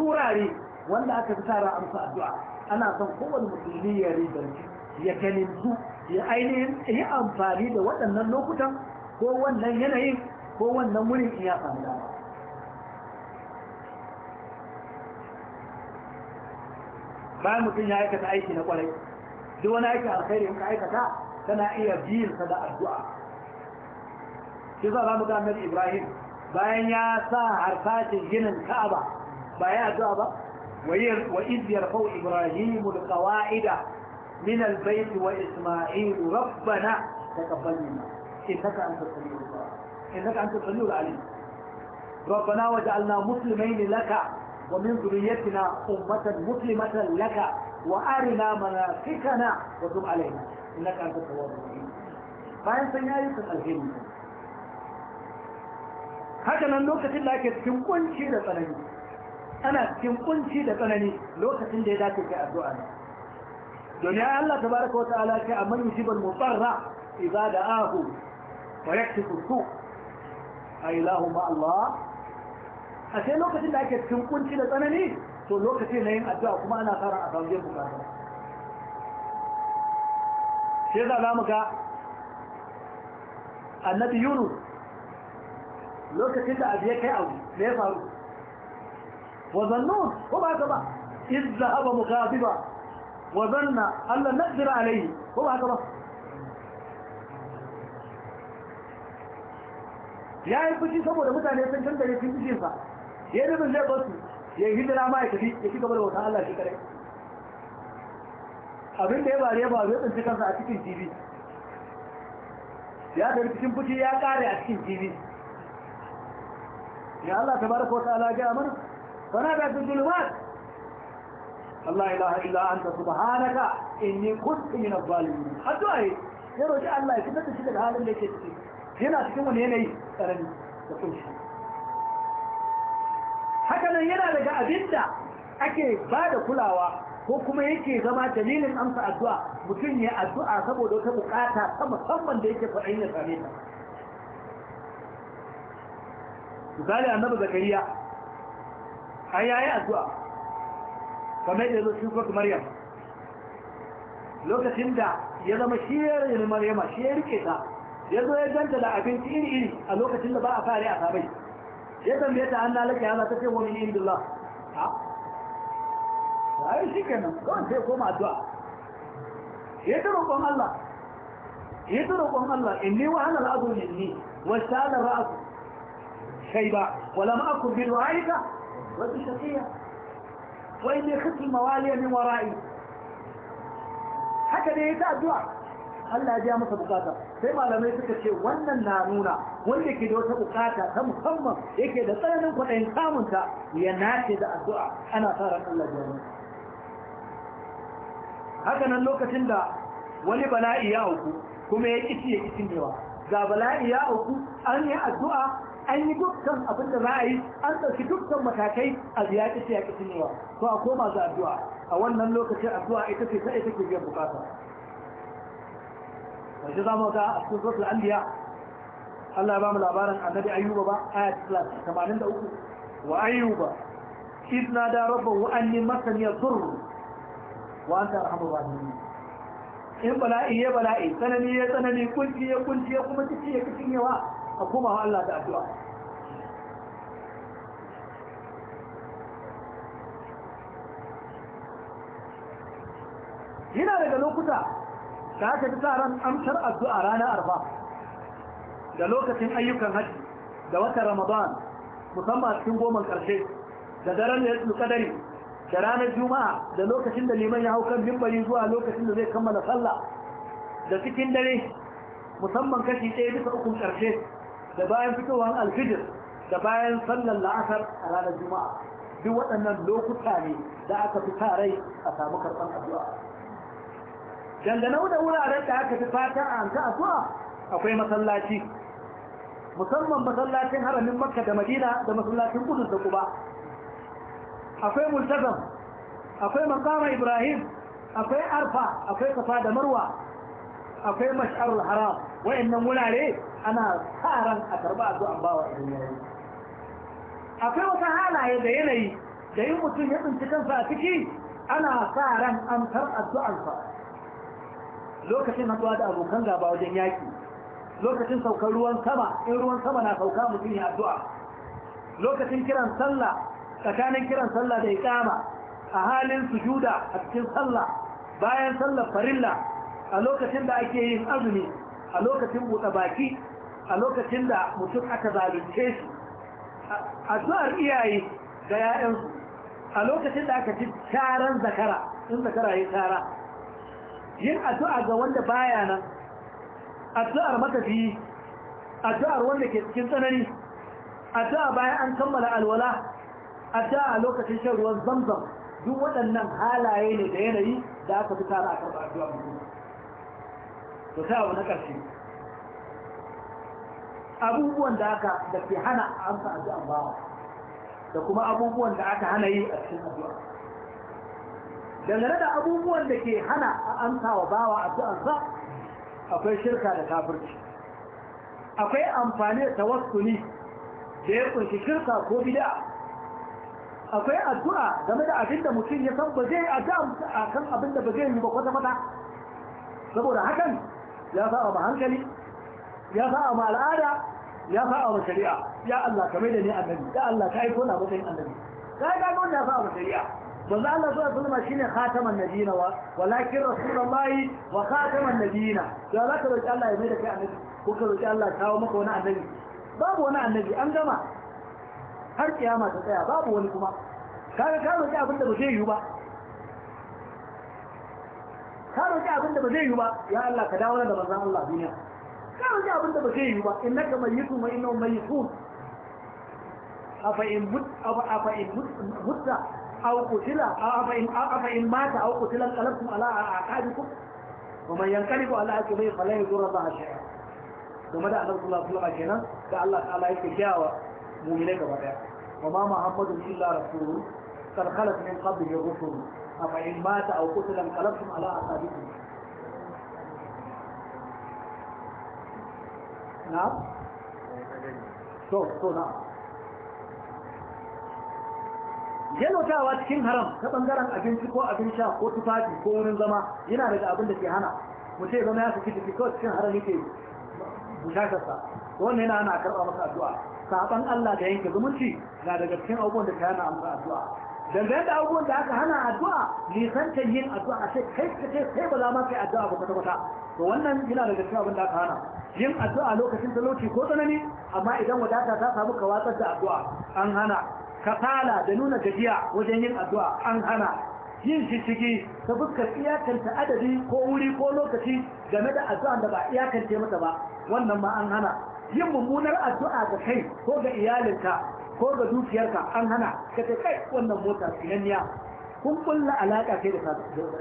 wurare wanda aka fi tara amsa addu'a ana son kowane musulmi ya ribanci ya ganin su ya ainihin yi amfani da waɗannan lokutan ko wannan yanayin ko wannan wurin ya samu dama bayan mutum ya aikata aiki na ƙwarai, duk wani aiki alkhairi in ka aikata tana iya biyin da addu'a shi za mu ga Ibrahim bayan ya sa harfacin ginin Ka'aba ba ya addu'a ba wa fau ibrahimu da kawaida? من البيت وإسماعيل ربنا تقبل منا إنك أنت السميع الدعاء إنك أنت السميع العليم ربنا وجعلنا مسلمين لك ومن ذريتنا أمة مسلمة لك وأرنا مناسكنا وتب علينا إنك أنت التواب الرحيم bayan san yayi kan alheri haka nan lokacin da ake cikin kunci da tsanani ana cikin kunci da tsanani lokacin da ya dace kai addu'a ne دنيا الله تبارك وتعالى كأمن يسيب المضطرة إذا دعاه ويكتف السوء أي الله ما الله أسيء لو كتب لك تنقون كده تنني سوء لو كتب لهم أدعو كما أنا أخرى أخرى أخرى أخرى أخرى سيدة لامك النبي يونس لو كتب لأبيك أولي ليس أولي وظنون هو بعد ذهب مغاضبا wa zanna Allah nadira alaihi ko ba haka ba ya yi fushi saboda mutane sun canza ne sun fushe sa ya yi zai basu ya yi hidira ma ya tafi ya ci gaba da wata Allah shi kare abin da ya bare ba zai tsinci kansa a cikin TV. ya da rikicin fushi ya kare a cikin TV. ya Allah ta bar tabaraka wa ta'ala ga amana fana da zulmat Allah ilaha illa anta subhanaka inni kuntu min az-zalimin addu'a ya roki Allah ya fitar da shi daga halin da yake ciki yana cikin wani yanayi karami da kunshi haka nan yana daga abinda ake ba da kulawa ko kuma yake zama dalilin amsa addu'a mutum ya addu'a saboda wata bukata ta musamman da yake faɗin ya same ta misali annabi zakariya ai yayi addu'a kamar da zo cikin kotu maryam lokacin da ya zama shi ya rene maryama shi ya rike ta ya zo ya danta da abinci iri iri a lokacin da ba a fare a sabai ya tambaye ta an lalaka ya ta ce wa min indillah ha sai shi kenan kawai sai koma addu'a ya ta roƙon Allah ya ta roƙon Allah inni wa hanal azu minni wa sala ra'su shayba wa lam akun bi du'aika wa bi shaqiya وإني خفت mawaliya min wara'i? haka ne ya ta addu'a Allah ya masa bukata sai malamai suka ce wannan na nuna wanda ke da wata bukata ta musamman yake da tsananin kwaɗayin samunta ya nace da addu'a ana sa ran Allah ya masa haka nan lokacin da wani bala'i ya auku kuma ya ƙi ya ƙi cinyewa ga bala'i ya auku an yi addu'a an yi dukkan abin da za a yi an ɗauki dukkan matakai a ziyarci ta yaƙi cinyewa to a koma ga addu'a a wannan lokacin addu'a ita ce ta ita ke biyan bukata yanzu za mu ga a cikin zuwa anbiya Allah ya ba mu labarin annabi ayyuba ba aya 83 wa ayyuba إذ نادى masaniyar أني مسني الضر وأنت أرحم الراحمين in bala'i ya bala'i tsanani ya tsanani kunci ya kunci ya kuma ciki ya cikin yawa a kuma Allah da addu'a yana daga lokuta da aka fi sa ran amsar addu'a ranar arfa da lokacin ayyukan hajji da watan ramadan musamman cikin goman ƙarshe da daren da ya kadari da ranar juma'a da lokacin da liman ya hau kan zuwa lokacin da zai kammala sallah da cikin dare musamman kashi ɗaya bisa ukun ƙarshe da bayan fitowar alfijir da bayan sallar la'asar a ranar juma'a duk waɗannan lokuta ne da aka fi tarai a samu karɓar addu'a danganau da wuraren da aka fi fata a hanta addu'a akwai masallaci musamman masallacin haramin makka da madina da masallacin Kudu da kuba akwai multazam akwai makama ibrahim akwai arfa akwai kafa da marwa akwai mash'arul haram wayannan wurare ana sa a karba addu'an bawa idan yayi akwai wata halaye da yanayi da yin mutum ya tsinci kansa a ciki ana sa ran an tar addu'ansa lokacin haɗuwa da abokan gaba wajen yaki, lokacin saukar ruwan sama in ruwan sama na sauka mutum ya addu'a lokacin kiran sallah tsakanin kiran sallah da iqama a halin sujuda a cikin sallah bayan sallar farilla a lokacin da ake yin azumi a lokacin buɗe baki a lokacin da mutum aka zalunce shi addu'ar iyaye ga 'ya'yansu a lokacin da aka ci taron zakara in zakara ya tara yin addu'a ga wanda baya nan addu'ar matafiyi addu'ar wanda ke cikin tsanani addu'a bayan an kammala alwala addu'a a lokacin shan ruwan zamzam duk waɗannan halaye ne da yanayi da aka fi tara a kan addu'a mutum to sai abu na ƙarshe abubuwan da aka da ke hana amsa addu'an bawa da kuma abubuwan da aka hana yi a cikin addu'a dangane da abubuwan da ke hana a amsa wa bawa addu'ansa akwai shirka da kafirci akwai amfani da tawassuli da ya kunshi shirka ko bid'a akwai addu'a game da abin da mutum ya san ba zai addu'a kan abin da ba zai yi ba kwata mata saboda hakan ya sa'a ma hankali ya sa'a ma al'ada ya sa'a ma shari'a ya Allah ka mai da ni annabi ya Allah ka aiko na matsayin annabi ka ga gon ya sa'a ma shari'a manzo Allah sallallahu alaihi wasallam shine khataman nabiyina wa walakin rasulullahi wa khataman nabiyina ya zaka roki Allah ya mai da kai annabi ko ka roki Allah kawo maka wani annabi babu wani annabi an gama har kiyama ta tsaya babu wani kuma kaga ka roki abinda ba zai yiwu ba ka roƙi abin da ba zai yi ba ya Allah ka dawo da manzon Allah duniya ka roƙi abin da ba zai yi ba innaka mayyitun wa innahum mayyitun afa in mut afa in mutta aw qutila afa in afa in mata aw qutila qalbtum ala aqabikum wa man yanqalibu ala aqibihi fala yadurra Allah shay'a game da annabi sallallahu alaihi wasallam kenan da Allah ta'ala yake kiyawa mu'minai gaba daya wa ma muhammadun illa rasulun qad khalat min qablihi rusul فإن مات أو قتل انقلبتم على أعقابكم نعم to cikin haram ta bangaren abinci ko abin sha ko tufafi ko wurin zama yana daga abin da ke hana mutum ya zama ya fi jiki ko cikin haram yake bushatarsa wannan yana ana karɓa masa addu'a saban Allah da yanke zumunci na daga cikin abubuwan da ta yana amsa addu'a dangane da abubuwan da aka hana addu'a nisantar yin addu'a sai kai ka ce ba za ma kai addu'a ba kwata kwata to wannan yana da cikin abin da aka hana yin addu'a lokacin talauci ko tsanani amma idan wadata ta samu ka watsar da addu'a an hana kasala da nuna gajiya wajen yin addu'a an hana yin shishigi ta fuskar iyakanta adadi ko wuri ko lokaci game da addu'an da ba iyakance mata ba wannan ma an hana yin mummunar addu'a ga kai ko ga iyalinka ko ga dukiyarka an hana ka ce kai wannan mota sinanniya kun kulla alaka kai da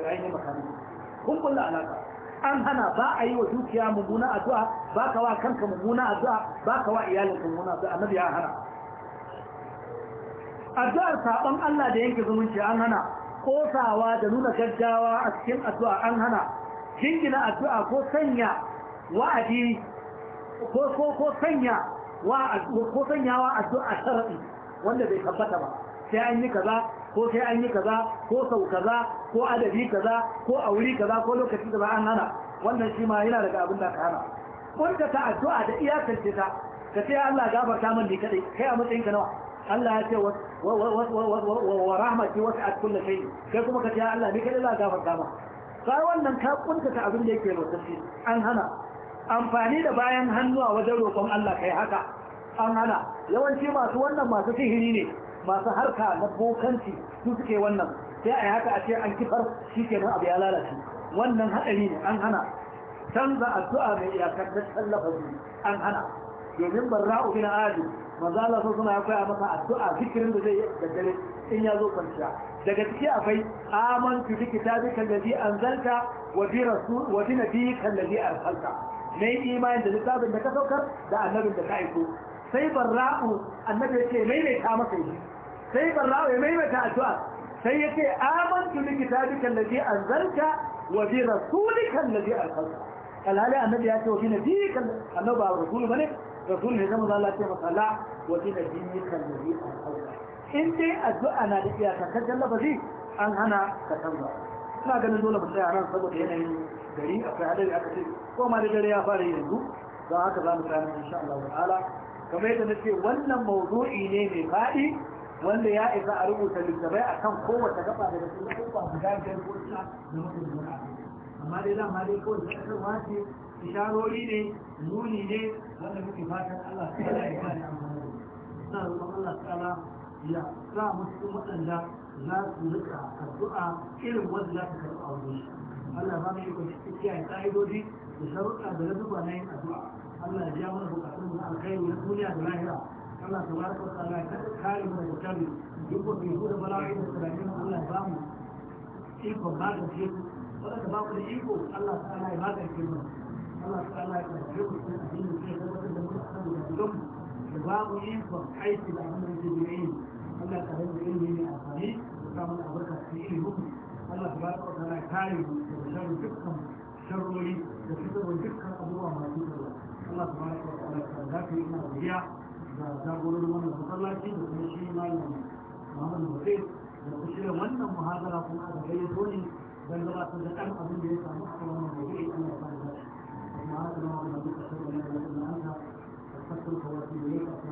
ainihin makarantu kun kulla alaka an hana ba a yi wa dukiya mummuna addu'a ba ka wa kanka mummuna addu'a ba ka wa iyalinka mummuna addu'a annabi ya hana addu'ar saban Allah da yanke zumunci an hana kosawa da nuna gaggawa a cikin addu'a an hana jingina addu'a ko sanya wa'adi ko ko ko sanya wa ko sanyawa addu'a shar'i wanda bai tabbata ba sai an yi kaza ko sai an yi kaza ko sau kaza ko adabi kaza ko auri kaza ko lokaci da ba an hana wannan shi ma yana daga abin da ka hana wanda ta addu'a da iyakar ce ta ka sai Allah gafarta min ni kadai kai a matsayin ka nawa Allah ya ce wa rahmati wasi'at kulli shay kai kuma ka ce Allah ni kadai Allah gafarta ma sai wannan ka kunta ta abin da yake lokaci an hana amfani da bayan hannu a wajen roƙon Allah kai haka an hana yawanci masu wannan masu sihiri ne masu harka na bokanci su suke wannan sai a yi haka a ce an kifar shi nan abu ya lalace wannan haɗari ne an hana canza addu'a mai iyakar da tallafa an hana domin barra'u bin adi manzo Allah sun suna ya koya masa addu'a zikirin da zai yi da dare in ya zo kwanciya daga ciki akwai amantu bi kitabika allazi anzalta wa bi rasul wa bi nabiyyika allazi arsalta na yi imani da littafin da ka saukar da annabin da ka aiko sai barra'u annabi ya ce maimaita masa yi sai barra'u ya maimaita addu'a sai ya ce amantu li kitabika allazi anzalta wa bi rasulika allazi arsalta alhali annabi ya ce wa bi nabiyika annabi ba rasulu bane rasul ne zama Allah ce masa la wa bi nabiyika allazi arsalta in dai addu'a na da iyaka kan lafazi an hana ka canza ina ganin dole mu tsaya nan saboda yanayin gari kai hadari aka ce ko ma da dare ya fara yanzu za haka za mu tsaya insha Allah ta'ala kamar yadda nace wannan mawdu'i ne mai fadi wanda ya isa a rubuta littabai akan kowace gaba daga cikin kofa guda biyar ko ina da mutum amma dai da ma dai kawai da kasar wace isharori ne nuni ne wanda muke fatan Allah ta ya kare amfani na roƙon Allah ta'ala ya sa mu cikin waɗanda za su rika addu'a irin wanda za su karɓa wajen shi Allah ba mu ikon kiyaye kaidodi da sharuɗa da laduba na yin addu'a Allah ya biya mana bukatun mu na na duniya da lahira Allah tabaraka wa ta'ala ya kare mu daga sharri duk wanda ya huda bala'i da tsarafin Allah ya ba mu ikon magance su wanda ba mu da iko Allah ta'ala ya magance mu Allah ta'ala ya kare mu da addinin da ya tabbatar da mu a kan da dukkan da ba mu ikon aiki da abin da yake da yi Allah ta hanyar ilimi ne a da samun albarka cikin ilimin Allah tabaraka wa ta'ala ya kare mu شر دكم شروري وكتب دكم أبوها ما تقول الله تبارك وتعالى ذاك يوم الرجع ذا قولوا لمن الله شيء بس شيء ما يوم ما من وقت وكشير وانا مهاجرة كنا تغيثوني بل لغا تذكر أبن بيسا مخصر من وقعي أن يفعل ذلك وما هذا ما هو الذي تشرب لنا لأن أنت تستطيع الخواتي إليك